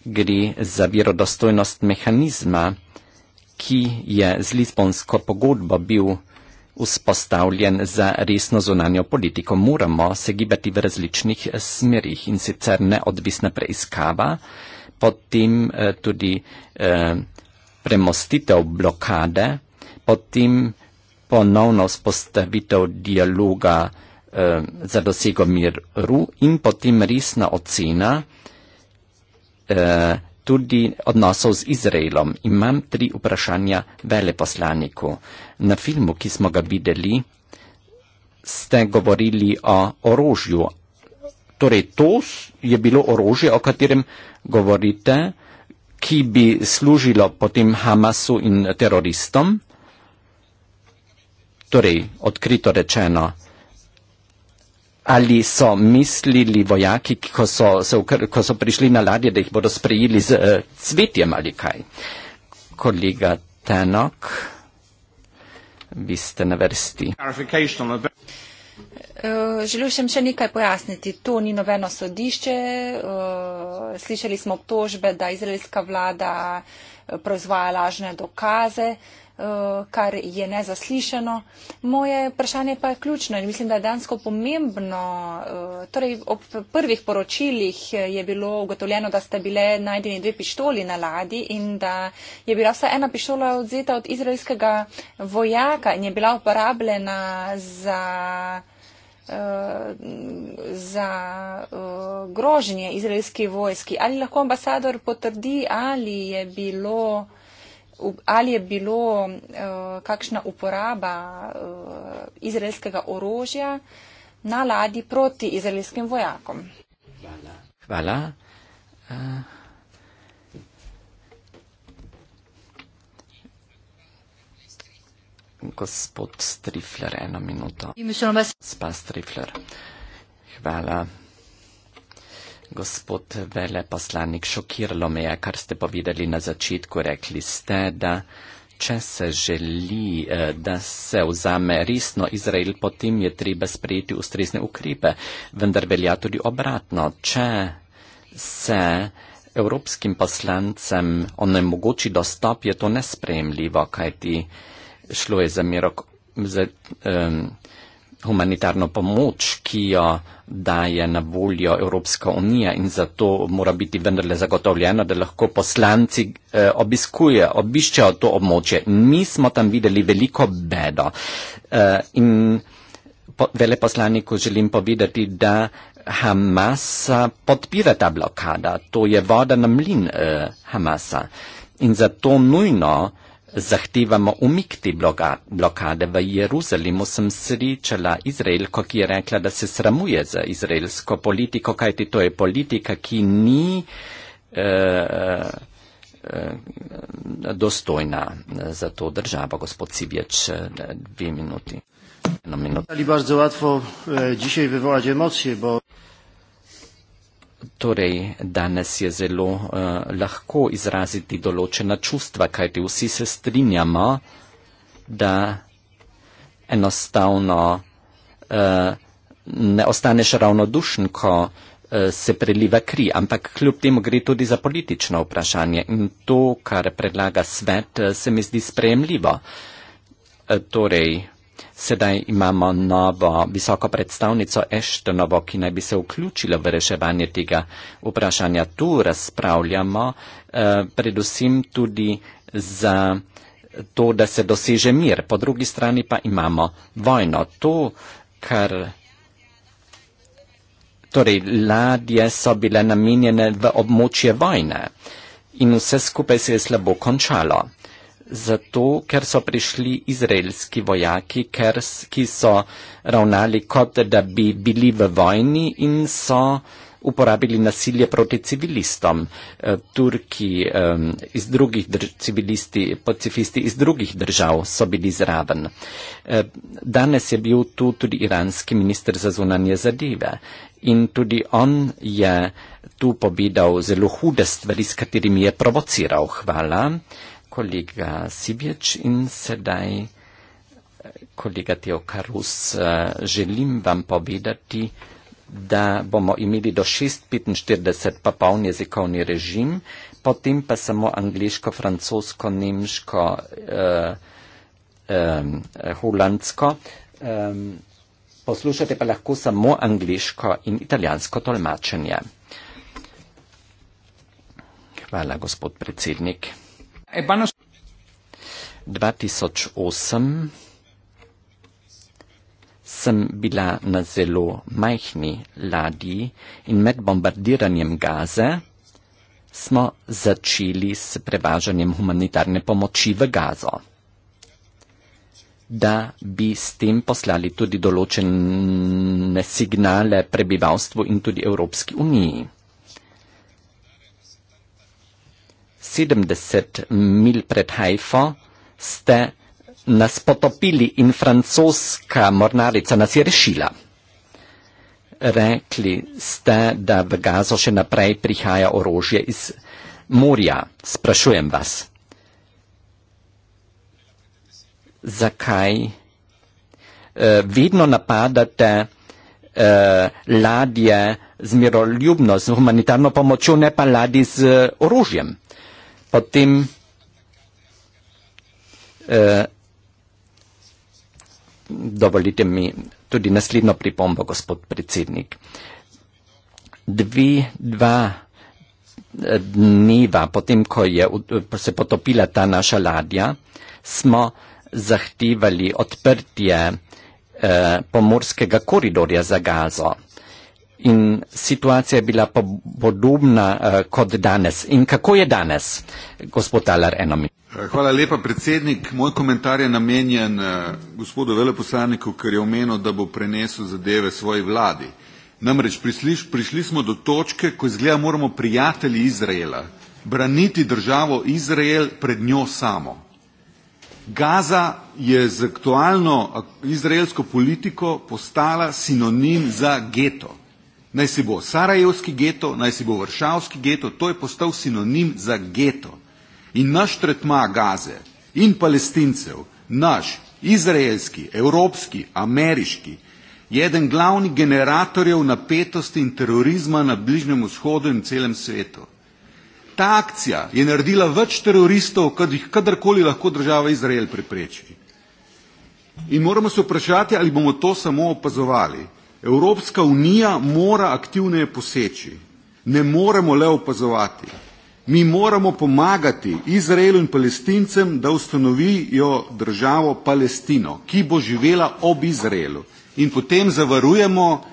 Gre za verodostojnost mehanizma, ki je z Lizbonsko pogodbo bil vzpostavljen za resno zunanjo politiko. Moramo se gibati v različnih smerih in sicer neodvisna preiskava, potem eh, tudi eh, premostitev blokade, potem ponovno vzpostavitev dialoga eh, za dosego miru in potem resna ocena tudi odnosov z Izraelom. Imam tri vprašanja veleposlaniku. Na filmu, ki smo ga videli, ste govorili o orožju. Torej, to je bilo orožje, o katerem govorite, ki bi služilo potem Hamasu in teroristom. Torej, odkrito rečeno, ali so mislili vojaki, ko so, so, ko so prišli na ladje, da jih bodo sprejeli z uh, cvetjem ali kaj. Kolega Tenok, vi ste na vrsti. Eh, želel sem še nekaj pojasniti. To ni noveno sodišče. Eh, slišali smo obtožbe, da izraelska vlada proizvaja lažne dokaze. Eh, kar je nezaslišeno. Moje vprašanje pa je ključno in mislim, da je dansko pomembno. Eh, torej, ob prvih poročilih je bilo ugotovljeno, da sta bile najdeni dve pištoli na ladi in da je bila vsaj ena pištola odzeta od izraelskega vojaka in je bila uporabljena za eh, za uh, grožnje izraelski vojski. Ali lahko ambasador potrdi, ali je bilo uh, ali je bilo eh, kakšna uporaba eh, izraelskega orožja na ladji proti izraelskim vojakom. Hvala. Eh, gospod Strifler, eno minuto. Spas Strifler. Hvala. Gospod veleposlanik, šokiralo me je, kar ste povedali na začetku. Rekli ste, da če se želi, eh, da se vzame resno Izrael, potem je treba sprejeti ustrezne ukrepe. Vendar velja tudi obratno. Če se evropskim poslancem onemogoči dostop, je to nesprejemljivo, kajti šlo je za mirok. Za, um, humanitarno pomoč, ki jo daje na voljo Evropska unija in zato mora biti vendarle zagotovljeno, da lahko poslanci eh, obiskuje, obiščejo to območje. Mi smo tam videli veliko bedo eh, in po, veleposlaniku želim povedati, da Hamasa podpira ta blokada, to je voda na mlin eh, Hamasa in zato nujno Zahtevamo umik te bloga, blokade v Jeruzalemu, sem srečala Izraelko, ki je rekla, da se sramuje za izraelsko politiko, kajti to je politika, ki ni eh, eh, dostojna eh, za to državo, gospod Civječ, eh, dve minuti. Ali baš zelo lahko eh, zdaj vyvolati emocije, bo... Torej, danes je zelo uh, lahko izraziti določena čustva, kajti vsi se strinjamo, da enostavno uh, ne ostaneš ravnodušen, ko uh, se preliva kri, ampak kljub temu gre tudi za politično vprašanje in to, kar predlaga svet, uh, se mi zdi sprejemljivo. Uh, torej, Sedaj imamo novo visoko predstavnico Eštonovo, ki naj bi se vključila v reševanje tega vprašanja. Tu razpravljamo eh, predvsem tudi za to, da se doseže mir. Po drugi strani pa imamo vojno. To, kar. Torej, ladje so bile namenjene v območje vojne in vse skupaj se je slabo končalo zato, ker so prišli izraelski vojaki, ker, ki so ravnali kot da bi bili v vojni in so uporabili nasilje proti civilistom. E, Turki e, iz drugih civilisti, pacifisti iz drugih držav so bili zraven. E, Danes je bil tu tudi iranski minister za zunanje zadeve in tudi on je tu povedal zelo hude stvari, s katerimi je provociral. Hvala kolega Sibječ in sedaj eh, kolega Teokarus. Eh, želim vam povedati, da bomo imeli do 6.45 popoln jezikovni režim, potem pa samo angliško, francosko, nemško, eh, eh, holandsko. Eh, poslušate pa lahko samo angliško in italijansko tolmačenje. Hvala, gospod predsednik. 2008 eh, sem bila na zelo majhni ladji in med bombardiranjem Gaze smo začeli s prevažanjem humanitarne pomoči v Gazo da bi s tem poslali tudi določene signale prebivalstvu in tudi Evropski uniji. 70 mil pred Haifo, ste nas potopili in francoska mornarica nas je rešila. Rekli ste, da v Gazo še naprej prihaja orožje iz morja. Sprašujem vas, zakaj e, vedno napadate e, ladje z miroljubnost, z humanitarno pomočjo, ne pa ladje z eh, orožjem? potem eh, dovolite mi tudi naslednjo pripombo, gospod predsednik. Dvi, dva eh, dneva potem, ko je se potopila ta naša ladja, smo zahtevali odprtje eh, pomorskega koridorja za gazo in situacija je bila podobna uh, kot danes. In kako je danes, gospod Talar, eno minuto? Eh, hvala lepa, predsednik. Moj komentar je namenjen eh, gospodu veleposlaniku, ker je omenil, da bo prenesel zadeve svoji vladi. Namreč prisliš, prišli smo do točke, ko izgleda, moramo prijatelji Izraela braniti državo Izrael pred njo samo. Gaza je z aktualno izraelsko politiko postala sinonim za geto. Naj si bo Sarajevski geto, naj si bo Vršavski geto, to je postal sinonim za geto. In naš tretma Gaze in palestincev, naš, izraelski, evropski, ameriški, je eden glavnih generatorjev napetosti in terorizma na Bližnjem vzhodu in celem svetu. Ta akcija je naredila več teroristov, kot jih kadarkoli lahko država Izrael prepreči. In moramo se vprašati, ali bomo to samo opazovali. Evropska unija mora aktivneje poseči, ne moremo le opazovati. Mi moramo pomagati Izraelu in palestincem, da ustanovijo državo Palestino, ki bo živela ob Izraelu in potem zavarujemo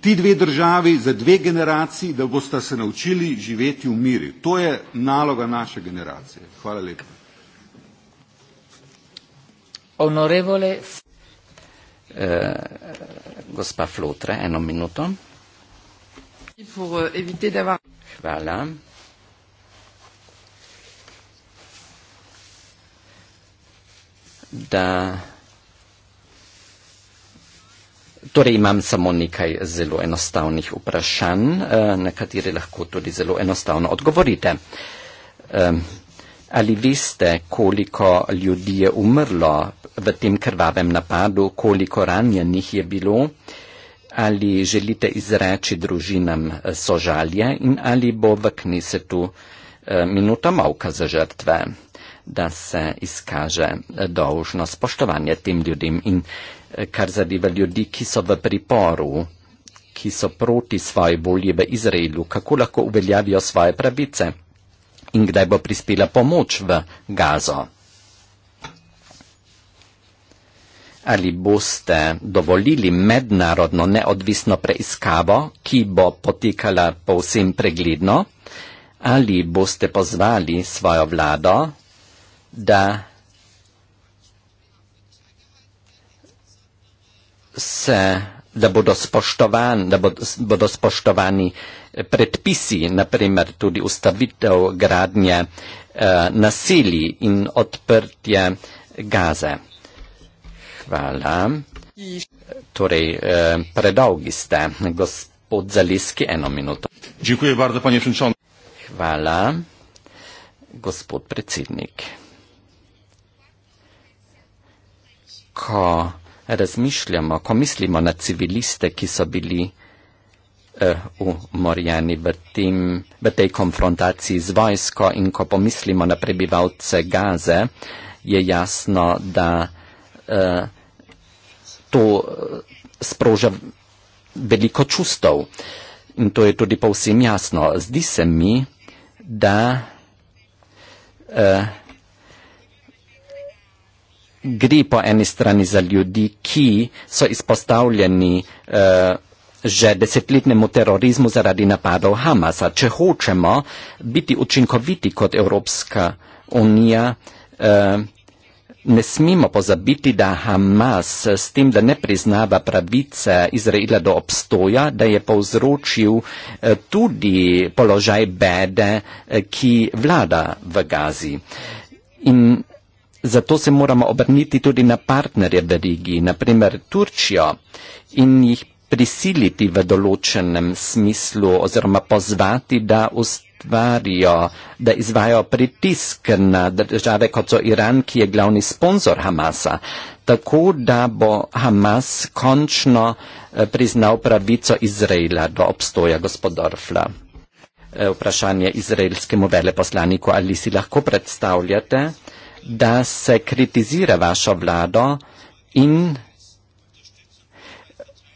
ti dve državi za dve generaciji, da boste se naučili živeti v miri. To je naloga naše generacije. Hvala lepa. Eh, gospa Flotre, eno minuto. Eh, Hvala. Da, torej imam samo nekaj zelo enostavnih vprašanj, eh, na katere lahko tudi zelo enostavno odgovorite. Ali veste, koliko ljudi je umrlo v tem krvavem napadu, koliko ranjenih je bilo, ali želite izreči družinam eh, sožalje in ali bo v knesetu eh, minuta mavka za žrtve, da se izkaže eh, dolžno spoštovanje tem ljudem in kar zadeva ljudi, ki so v priporu, ki so proti svoji bolji v Izraelu, kako lahko uveljavijo svoje pravice in kdaj bo prispela pomoč v Gazo. ali boste dovolili mednarodno neodvisno preiskavo, ki bo potekala povsem pregledno, ali boste pozvali svojo vlado, da se da bodo, spoštovan, da bodo, bodo spoštovani predpisi, naprimer tudi ustavitev gradnje eh, nasilij in odprtje gaze. Hvala. Torej, eh, predolgi ste, gospod Zaliski, eno minuto. Hvala, gospod predsednik. Ko razmišljamo, ko mislimo na civiliste, ki so bili eh, umorjeni v, tem, v tej konfrontaciji z vojsko in ko pomislimo na prebivalce Gaze, je jasno, da Eh, to eh, sproža veliko čustov. In to je tudi povsem jasno. Zdi se mi, da uh, gre po eni strani za ljudi, ki so izpostavljeni uh, že desetletnemu terorizmu zaradi napadov Hamasa. Če hočemo biti učinkoviti kot Evropska unija, uh, Ne smemo pozabiti, da Hamas s tem, da ne priznava pravice Izraela do obstoja, da je povzročil eh, tudi položaj bede, eh, ki vlada v Gazi. In zato se moramo obrniti tudi na partnerje v regiji, naprimer Turčijo, in jih prisiliti v določenem smislu oziroma pozvati, da ustavljajo ustvarijo, da izvajo pritisk na države, kot so Iran, ki je glavni sponsor Hamasa, tako da bo Hamas končno eh, priznal pravico Izraela do obstoja gospodarstva. Eh, vprašanje izraelskemu veleposlaniku, ali si lahko predstavljate, da se kritizira vašo vlado in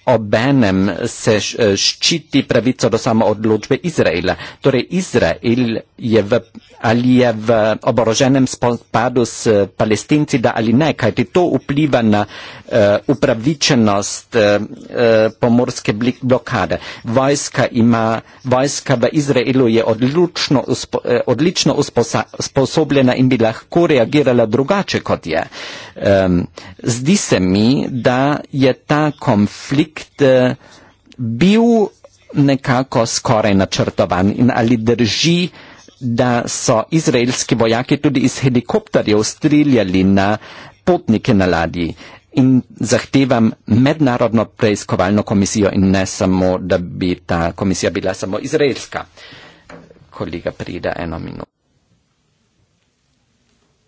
obenem se eh, ščiti pravico do samoodločbe Izraela. Torej Izrael je v, ali je v oboroženem spopadu s eh, palestinci, da ali ne, kajti to vpliva na uh, upravičenost uh, pomorske blokade. Vojska, ima, vojska v Izraelu je uspo, uh, odlično usposobljena in bi lahko reagirala drugače, kot je. Um, zdi se mi, da je ta konflikt projekt eh, bil nekako skoraj načrtovan in ali drži, da so izraelski vojaki tudi iz helikopterjev streljali na potnike na ladji. In zahtevam mednarodno preiskovalno komisijo in ne samo, da bi ta komisija bila samo izraelska. Kolega Prida, eno minuto.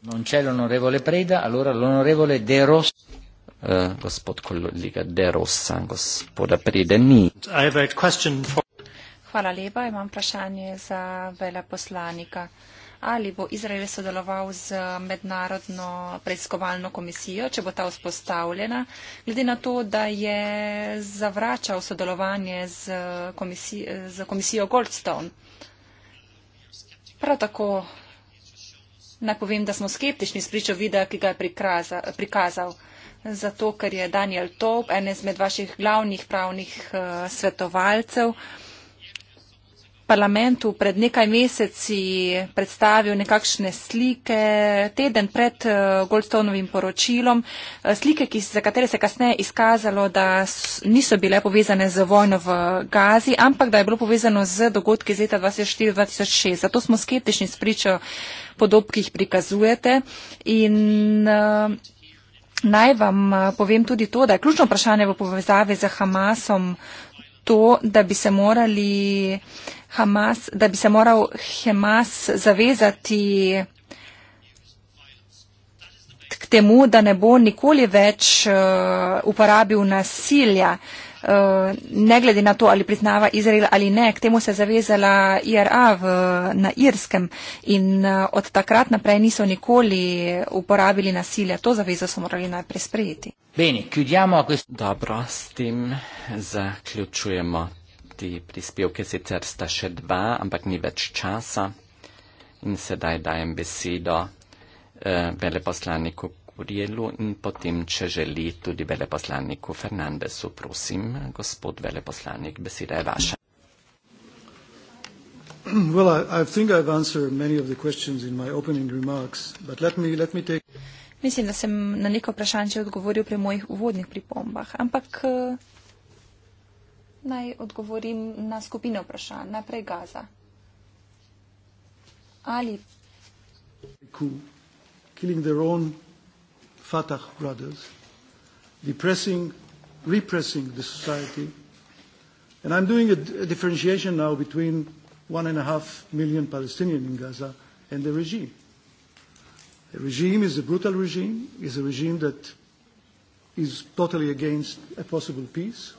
Non c'è l'onorevole Preda, allora l'onorevole De Rossi uh, gospod kolega De Rosa, gospoda Prideni. For... Hvala lepa, imam vprašanje za veleposlanika. Ali bo Izrael sodeloval z mednarodno preiskovalno komisijo, če bo ta vzpostavljena, glede na to, da je zavračal sodelovanje z, komisij, z komisijo Goldstone? Prav tako naj povem, da smo skeptični spričo videa, ki ga je prikaza, prikazal zato ker je Daniel Tob, en izmed vaših glavnih pravnih eh, svetovalcev, parlamentu pred nekaj meseci predstavil nekakšne slike, teden pred eh, Goldstonovim poročilom, eh, slike, ki, za katere se kasneje izkazalo, da niso bile povezane z vojno v Gazi, ampak da je bilo povezano z dogodki z leta 2004-2006. Zato smo skeptični s pričo podob, ki jih prikazujete. In, uh, Naj vam povem tudi to, da je ključno vprašanje v povezavi z Hamasom to, da bi se morali Hamas, da bi se moral Hamas zavezati k temu, da ne bo nikoli več uporabil nasilja. Eh, ne glede na to, ali priznava Izrael ali ne, k temu se je zavezala IRA v, na Irskem in eh, od takrat naprej niso nikoli uporabili nasilja. To zavezo so morali najprej sprejeti. Beni, kudjamo, Dobro, s tem zaključujemo te prispevke, sicer sta še dva, ampak ni več časa. In sedaj dajem besedo eh, veleposlaniku v dielu in potem, če želi, tudi veleposlaniku Fernandesu. Prosim, gospod veleposlanik, beseda je vaša. Well, I, I remarks, let me, let me take... Mislim, da sem na neko vprašanje odgovoril pri mojih uvodnih pripombah, ampak eh, naj odgovorim na skupino vprašanj. Najprej Gaza. Ali. Cool. Fatah brothers, depressing, repressing the society. And I'm doing a, a differentiation now between one and a half million Palestinians in Gaza and the regime. The regime is a brutal regime, is a regime that is totally against a possible peace,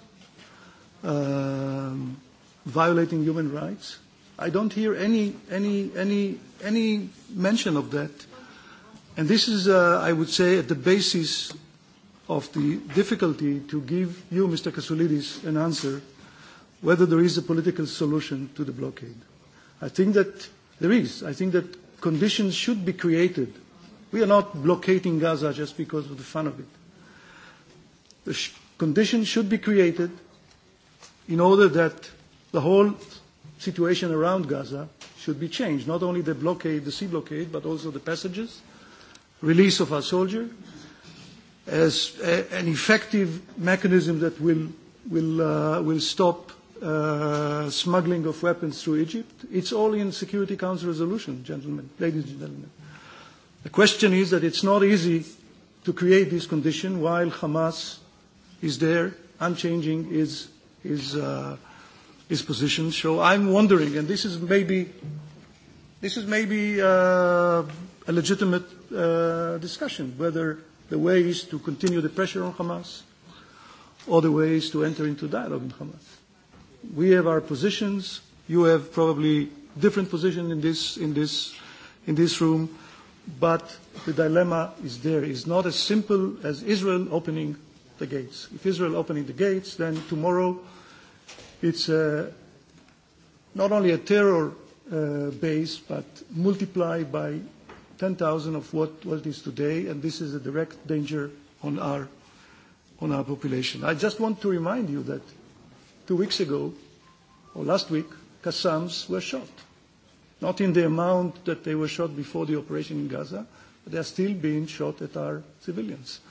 um, violating human rights. I don't hear any, any, any, any mention of that And this is, uh, I would say, at the basis of the difficulty to give you, Mr. Kasoulidis, an answer whether there is a political solution to the blockade. I think that there is. I think that conditions should be created. We are not blockading Gaza just because of the fun of it. The sh- conditions should be created in order that the whole situation around Gaza should be changed, not only the blockade, the sea blockade, but also the passages release of our soldier as a, an effective mechanism that will, will, uh, will stop uh, smuggling of weapons through Egypt. It's all in Security Council resolution, gentlemen, ladies and gentlemen. The question is that it's not easy to create this condition while Hamas is there, unchanging his, his, uh, his position. So I'm wondering, and this is maybe, this is maybe uh, a legitimate uh, discussion whether the way is to continue the pressure on Hamas or the way is to enter into dialogue with Hamas. We have our positions. You have probably different position in this, in this, in this room. But the dilemma is there. It's not as simple as Israel opening the gates. If Israel opening the gates, then tomorrow it's a, uh, not only a terror uh, base, but multiplied by 10,000 of what, what it is today, and this is a direct danger on our, on our population. I just want to remind you that two weeks ago, or last week, Qassams were shot. Not in the amount that they were shot before the operation in Gaza, but they are still being shot at our civilians.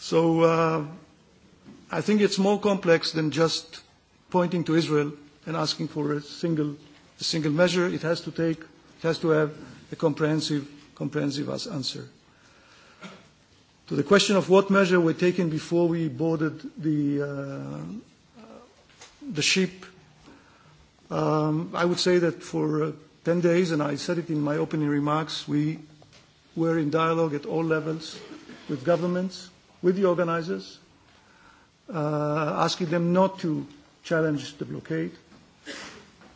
So uh, I think it's more complex than just pointing to Israel and asking for a single, a single measure. It has to take, it has to have a comprehensive comprehensive answer. To the question of what measure were taken before we boarded the, uh, the ship, um, I would say that for uh, 10 days, and I said it in my opening remarks, we were in dialogue at all levels with governments, with the organizers, uh, asking them not to challenge the blockade,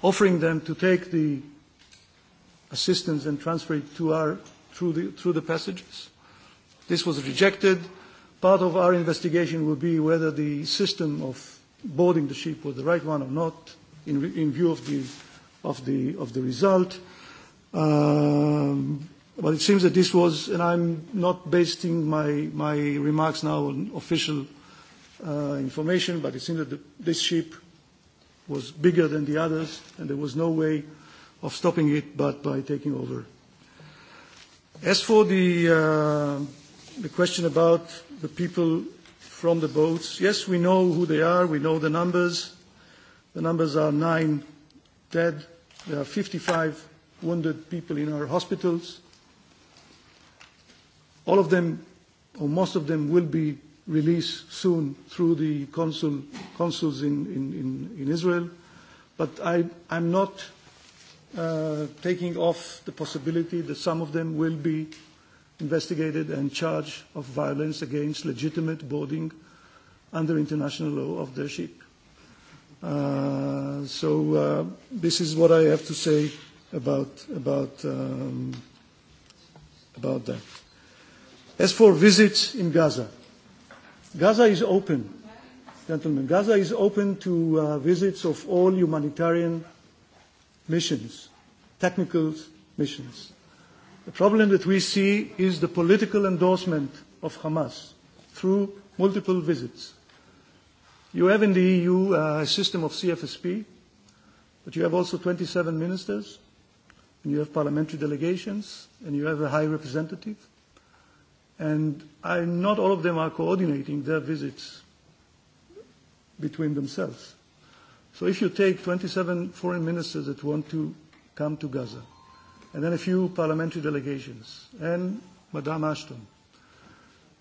offering them to take the assistance and transfer it to our through the through the passages. This was rejected. Part of our investigation will be whether the system of boarding the ship was the right one or not, in, in view of the of the of the result. Um, but it seems that this was, and I'm not basing my my remarks now on official uh, information, but it seems that the, this ship was bigger than the others, and there was no way of stopping it, but by taking over. As for uh, the question about the people from the boats, yes, we know who they are. We know the numbers. The numbers are nine dead. There are 55 wounded people in our hospitals. All of them, or most of them, will be released soon through the consuls in Israel. But I'm not uh, taking off the possibility that some of them will be investigated and charged of violence against legitimate boarding under international law of their ship. Uh, so uh, this is what I have to say about, about, um, about that. As for visits in Gaza, Gaza is open, gentlemen. Gaza is open to uh, visits of all humanitarian missions, technical missions. The problem that we see is the political endorsement of Hamas through multiple visits. You have in the EU uh, a system of CFSP, but you have also 27 ministers, and you have parliamentary delegations, and you have a high representative. And I, not all of them are coordinating their visits between themselves. So if you take 27 foreign ministers that want to come to Gaza, and then a few parliamentary delegations, and Madame Ashton,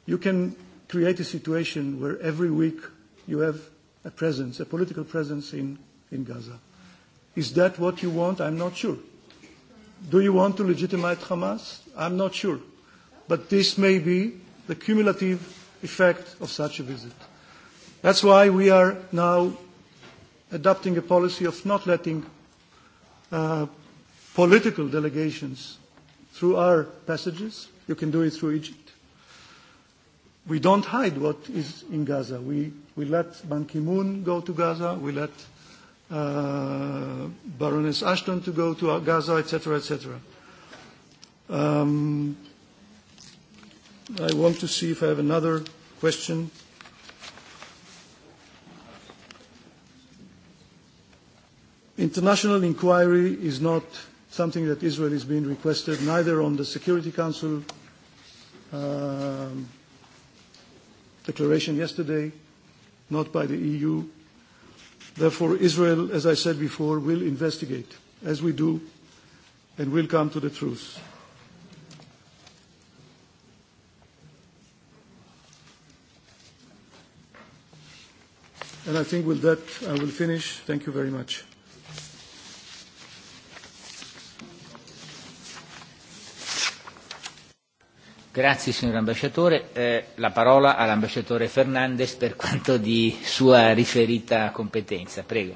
you can create a situation where every week you have a presence, a political presence in, in Gaza. Is that what you want? I'm not sure. Do you want to legitimize Hamas? I'm not sure. But this may be the cumulative effect of such a visit. That's why we are now adopting a policy of not letting uh, political delegations through our passages. You can do it through Egypt. We don't hide what is in Gaza. We, we let Ban Ki-moon go to Gaza. We let uh, Baroness Ashton to go to Gaza, etc., etc. Um, I want to see if I have another question. International inquiry is not something that Israel is being requested, neither on the Security Council um, declaration yesterday, not by the EU. Therefore, Israel, as I said before, will investigate, as we do, and will come to the truth. And I think with that, I will finish. Thank you very much. Grazie signor ambasciatore. Eh, la parola all'ambasciatore Fernandez per quanto di sua riferita competenza. Prego.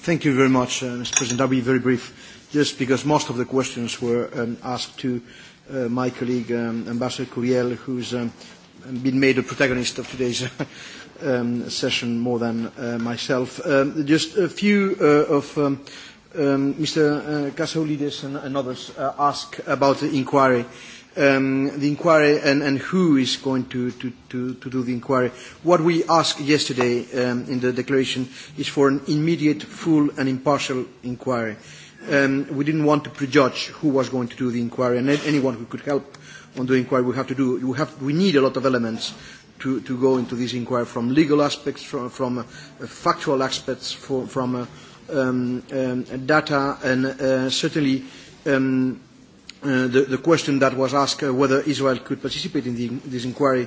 Thank you very much, uh, Mr. President. I'll be very brief, just because most of the questions were um, asked to uh, my colleague, um, Ambassador Curiel, who's um, been made a protagonist of today's um, session more than uh, myself. Um, just a few uh, of um, um, Mr. Casaulides uh, and, and others uh, ask about the inquiry. Uh, um, the inquiry and, and who is going to, to, to, to do the inquiry. What we asked yesterday um, in the declaration is for an immediate, full and impartial inquiry. Um, we didn't want to prejudge who was going to do the inquiry and anyone who could help on the inquiry we have to do. We, have, we need a lot of elements to, to go into this inquiry from legal aspects, from, from uh, factual aspects, for, from uh, um, um, data and uh, certainly um, Uh, the, the question that was asked uh, whether Israel could participate in the, this inquiry,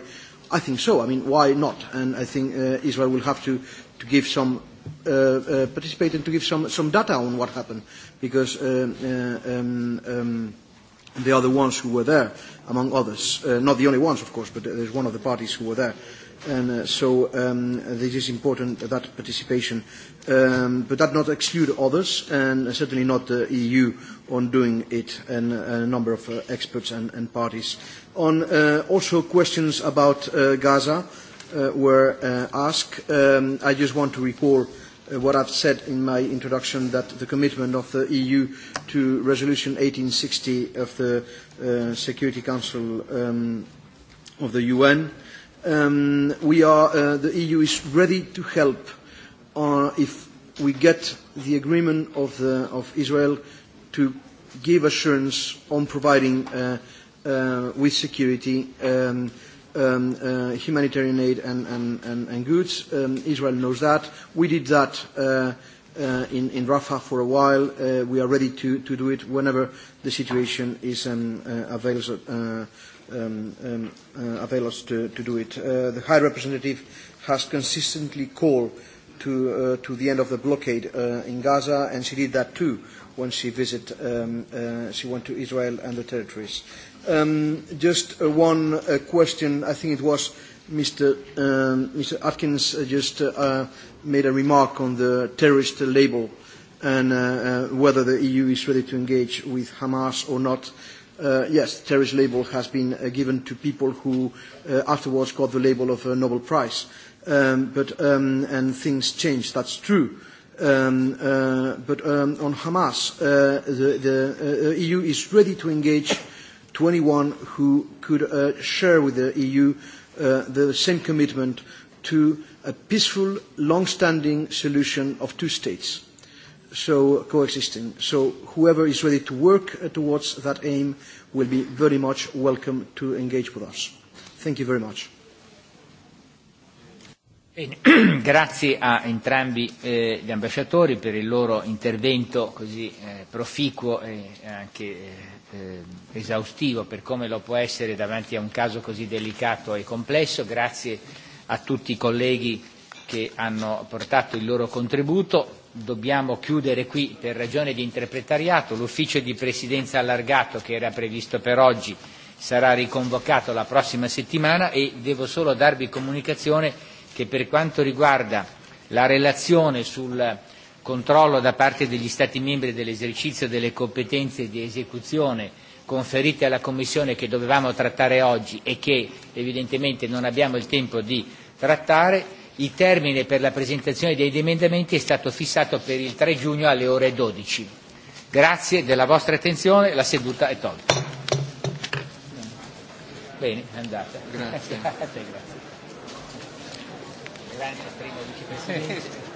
I think so. I mean, why not? And I think uh, Israel will have to, to give some, uh, uh, participate and to give some, some data on what happened, because um, uh, um, um, they are the ones who were there, among others. Uh, not the only ones, of course, but there's one of the parties who were there. Uh, and uh, so um, this is important uh, that participation, um, but that not exclude others, and certainly not the EU on doing it, and uh, a number of uh, experts and, and parties. On uh, also questions about uh, Gaza uh, were uh, asked. Um, I just want to recall. Uh, what I've said in my introduction that the commitment of the EU to Resolution 1860 of the uh, Security Council um, of the UN uh, um, we are, uh, the EU is ready to help uh, if we get the agreement of, the, uh, of Israel to give assurance on providing uh, uh, with security um, um, uh, humanitarian aid and, and, and, and goods. Um, Israel knows that. We did that uh, uh, in, in Rafah for a while. Uh, we are ready to, to do it whenever the situation is um, uh, available. Uh, um, um, uh, avail us to, to do it. Uh, the High Representative has consistently called to, uh, to the end of the blockade uh, in Gaza, and she did that too when she visit, um, uh, she went to Israel and the territories. Um, just uh, one uh, question. I think it was Mr. Um, Mr. Atkins uh, just uh, uh, made a remark on the terrorist label and uh, uh, whether the EU is ready to engage with Hamas or not. Uh, uh, yes, terrorist label has been uh, given to people who uh, afterwards got the label of a Nobel Prize. Um, but, um, and things change, that's true. Um, uh, but um, on Hamas, uh, the, the uh, EU is ready to engage to anyone who could uh, share with the EU uh, the same commitment to a peaceful, long-standing solution of two states so coexisting. So whoever is ready to work uh, towards that aim will be very much welcome to engage with us. Thank you very much. Grazie a entrambi eh, gli ambasciatori per il loro intervento così eh, proficuo e anche eh, eh, esaustivo per come lo può essere davanti a un caso così delicato e complesso. Grazie a tutti i colleghi che hanno portato il loro contributo dobbiamo chiudere qui per ragione di interpretariato, l'ufficio di presidenza allargato che era previsto per oggi sarà riconvocato la prossima settimana e devo solo darvi comunicazione che per quanto riguarda la relazione sul controllo da parte degli Stati membri dell'esercizio delle competenze di esecuzione conferite alla Commissione che dovevamo trattare oggi e che evidentemente non abbiamo il tempo di trattare, Il termine per la presentazione degli emendamenti è stato fissato per il 3 giugno alle ore 12. Grazie della vostra attenzione, la seduta è tolta. Bene, è andata. Grazie. Grazie. Grazie. Grazie. Grazie.